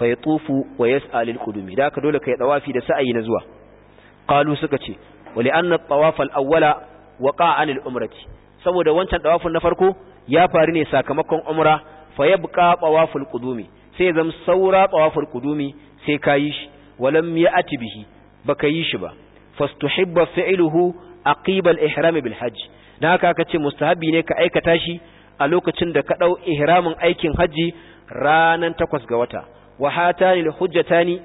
fa yatufu wa yas'al al kudumi da ka dole kai dawafi da sa'ayi na zuwa qalu suka ce wa li anna at-tawaf al-awwala waqa'a 'an umrati saboda wancan tawafin na farko ya faru ne sakamakon umra fa yabqa tawaful kudumi. sai zam saura tawaful qudumi sai ka yi shi walam ya'ti bihi baka yi shi ba fastuhibba fi'luhu aqiba al-ihram bil hajj dan haka ce mustahabi ne ka aikata shi a lokacin da ka dau ihramin aikin haji ranan 8 ga wata wa hatani al-hujjatani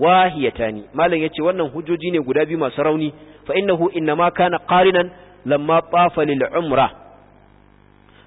wahiyatani malam yace wannan hujjoji ne guda biyu masu rauni fa innahu inma kana qarinan lamma tafa lil umra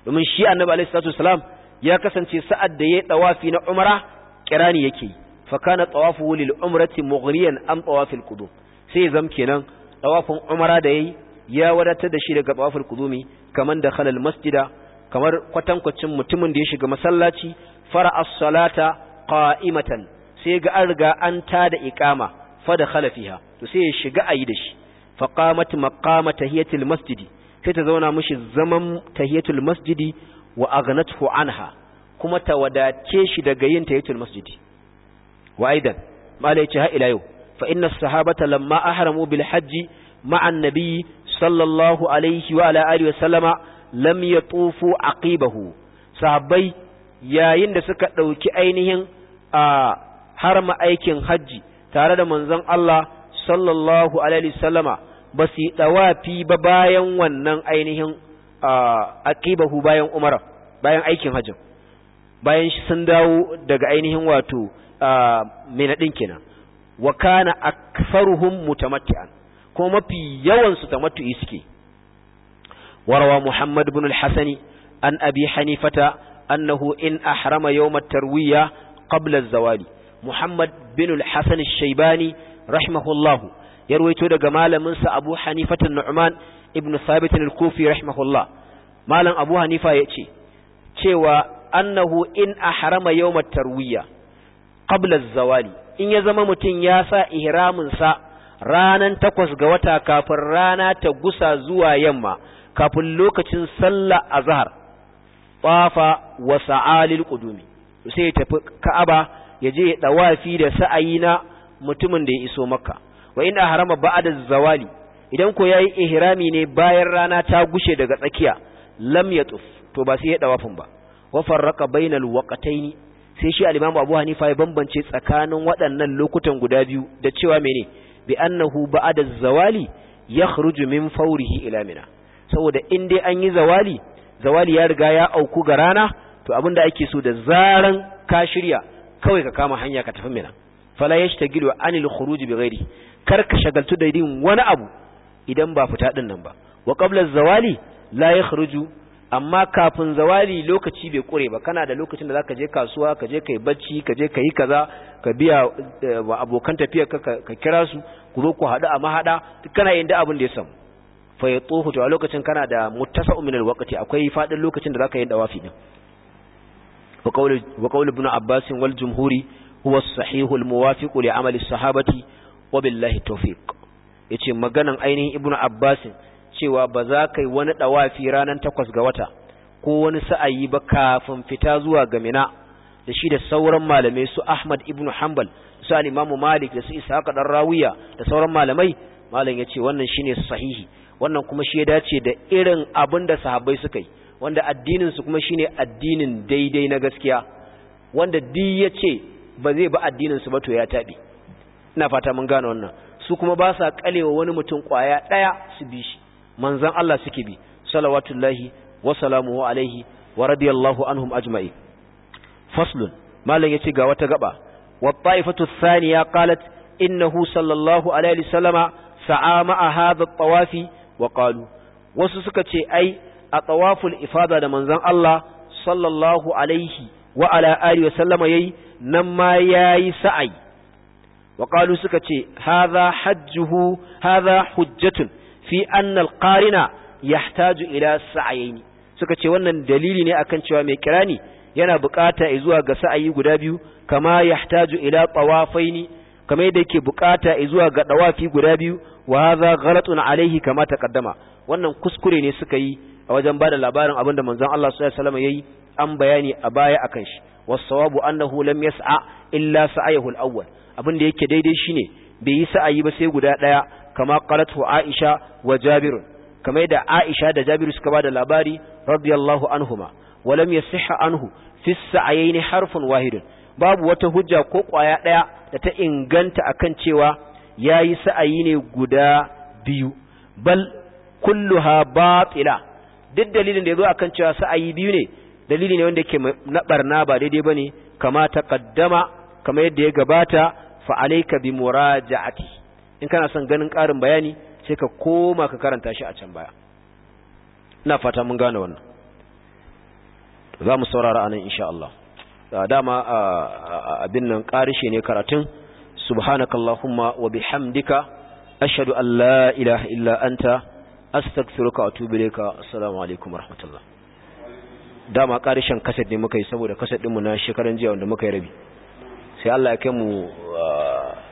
domin shi annabi alaihi salatu wasalam ya kasance sa'ad da ya yi tsawafi na umara kirani yake fakana kana tawafuhu lil umrati mughriyan an tsawafin qudum sai zam kenan tsawafin umara da yayi ya wadatar da shi daga tawafil qudumi kaman da khalal masjida kamar kwatankwacin mutumin da ya shiga masallaci fara as-salata qa'imatan sai ga an riga an tada iqama fa da khalafiha to sai ya shiga ayi da shi fa qamat maqama tahiyatul masjidi sai ta zauna mishi zaman tahiyatul masjidi wa anha kuma ta wadace shi daga yin tahiyatul masjidi wa aidan mala yace ha ila yau fa inna sahabata lamma ahramu bil hajji ma'an sallallahu alayhi wa ala alihi wa sallama lam yatufu aqibahu sahabbai yayin da suka dauki ainihin a harma aikin hajji tare da manzon Allah sallallahu alaihi wa sallama ba su yi dawafi ba bayan wannan ainihin aqibahu bayan umara bayan aikin hajjin bayan sun dawo daga ainihin wato mina din kenan wa kana aktharuhum mutamatti'an kuma mafi yawan su tamattu'i suke warawa muhammad ibn al-hasani an abi hanifata annahu in ahrama yawm at-tarwiya qabla az-zawali muhammad ibn al-hasan ash-shaybani rahimahullahu ya daga malamin sa abu hanifata an-nu'man ibn Thabit al-Kufi rahimahullah malam Abu Hanifa yace cewa annahu in ahrama yawm tarwiya qabla az-zawali in ya zama mutun ya sa ihramin sa ranan takwas ga wata kafin rana ta gusa zuwa yamma kafin lokacin sallah azhar tafa wa al qudumi sai ya tafi Ka'aba ya je ya dawafi da sa'ayi na mutumin da ya iso Makka wa in ahrama ba'da az-zawali idan ko yayi ihrami ne bayan rana ta gushe daga tsakiya lam yatuf to ba sai ya dawafin ba wa farraqa bainal waqtayn sai shi al-imam Abu Hanifa ya bambance tsakanin waɗannan lokutan guda biyu da cewa mene bi annahu ba'da zawali yakhruju min fawrihi ila mina saboda in dai an yi zawali zawali ya riga ya auku ga rana to abinda ake so da zaran ka shirya kawai ka kama hanya ka tafi mina fala yashtagilu anil khuruj bighairi kar ka shagaltu da yin wani abu idan ba fita din nan ba wa qabla zawali la yakhruju amma kafin zawali lokaci bai kure ba kana da lokacin da zaka je kasuwa ka je kai bacci ka je kai kaza ka biya eh, wa abokan tafiyar ka ka kira su ku zo ku hadu a mahada kana yin da abin da ya samu fa yatuhu to lokacin kana da muttasa'u min alwaqti akwai fadin lokacin da zaka yi dawafi din wa qawlu wa ibn abbas wal jumhuri huwa as-sahih muwafiq li amali sahabati wa billahi tawfiq ya ce maganan ainihin ibnu abbasin cewa ba za ka yi wani ɗawafi ranar takwas ga wata ko wani sa'ayi ba kafin fita zuwa ga mina da shi da sauran malamai su ahmad ibnu hanbal su alimamu malik da su haka dan rawiya da sauran malamai malam ya ce wannan shine sahihi wannan kuma shi ya dace da irin abin da sahabbai suka yi wanda addininsu su kuma shine addinin daidai na gaskiya wanda duk yace ba zai ba addinin su ba to ya tabi ina fata mun gane wannan su kuma ba sa kalewa wani mutum kwaya daya su bi shi manzon Allah suke bi salawatullahi wa salamuhu alaihi wa radiyallahu anhum ajma'i faslun malam yace ga wata gaba wa ta'ifatu thaniya qalat innahu sallallahu alaihi wa wasallama sa'a ma hadha at-tawafi wa qalu wasu suka ce ai a tawaful ifada da manzon Allah sallallahu alaihi wa ala alihi wa sallama yayi nan ma yayi sa'ai وقالوا سكتي هذا حجه هذا حجة في أن القارن يحتاج إلى سعيين سكتي وانا دليل نأكن شوى ميكراني yana bukata zuwa ga sa'ayi guda biyu kama yahtaju ila tawafaini kama yadda yake bukata zuwa ga dawafi guda biyu wa hadha ghalatun alaihi kama taqaddama wannan kuskure ne suka yi a wajen bada labarin abinda manzon Allah sallallahu alaihi wasallam yayi an bayani a baya akan shi was-sawabu annahu lam yas'a illa sa'ayhu al-awwal abin da yake daidai shine bai yi sa'ayi ba sai guda ɗaya kama qalatu Aisha wa Jabir kamar da Aisha da Jabiru suka ba da labari radiyallahu anhuma wa lam yasihha anhu fi as-sa'ayn harfun wahidun babu wata hujja ko kwaya ɗaya da ta inganta akan cewa yayi sa'ayi ne guda biyu bal kulluha batila duk dalilin da ya yazo akan cewa sa'ayi biyu ne dalili ne wanda yake na barna ba daidai bane kama taqaddama kama yadda ya gabata fa alayka bi muraja'ati in kana son ganin karin bayani sai ka koma ka karanta shi a can baya ina fata mun gane wannan za mu saurara anan insha Allah ah, dama ah, ah, abin nan ƙarishe ne karatun subhanakallahumma wa bihamdika ashhadu an la ilaha illa anta astaghfiruka wa atubu ilayka assalamu alaikum warahmatullahi dama karishin kaset ne muka yi saboda kaset dinmu na shekaran jiya wanda muka yi rabi sai Allah ya kai mu ah,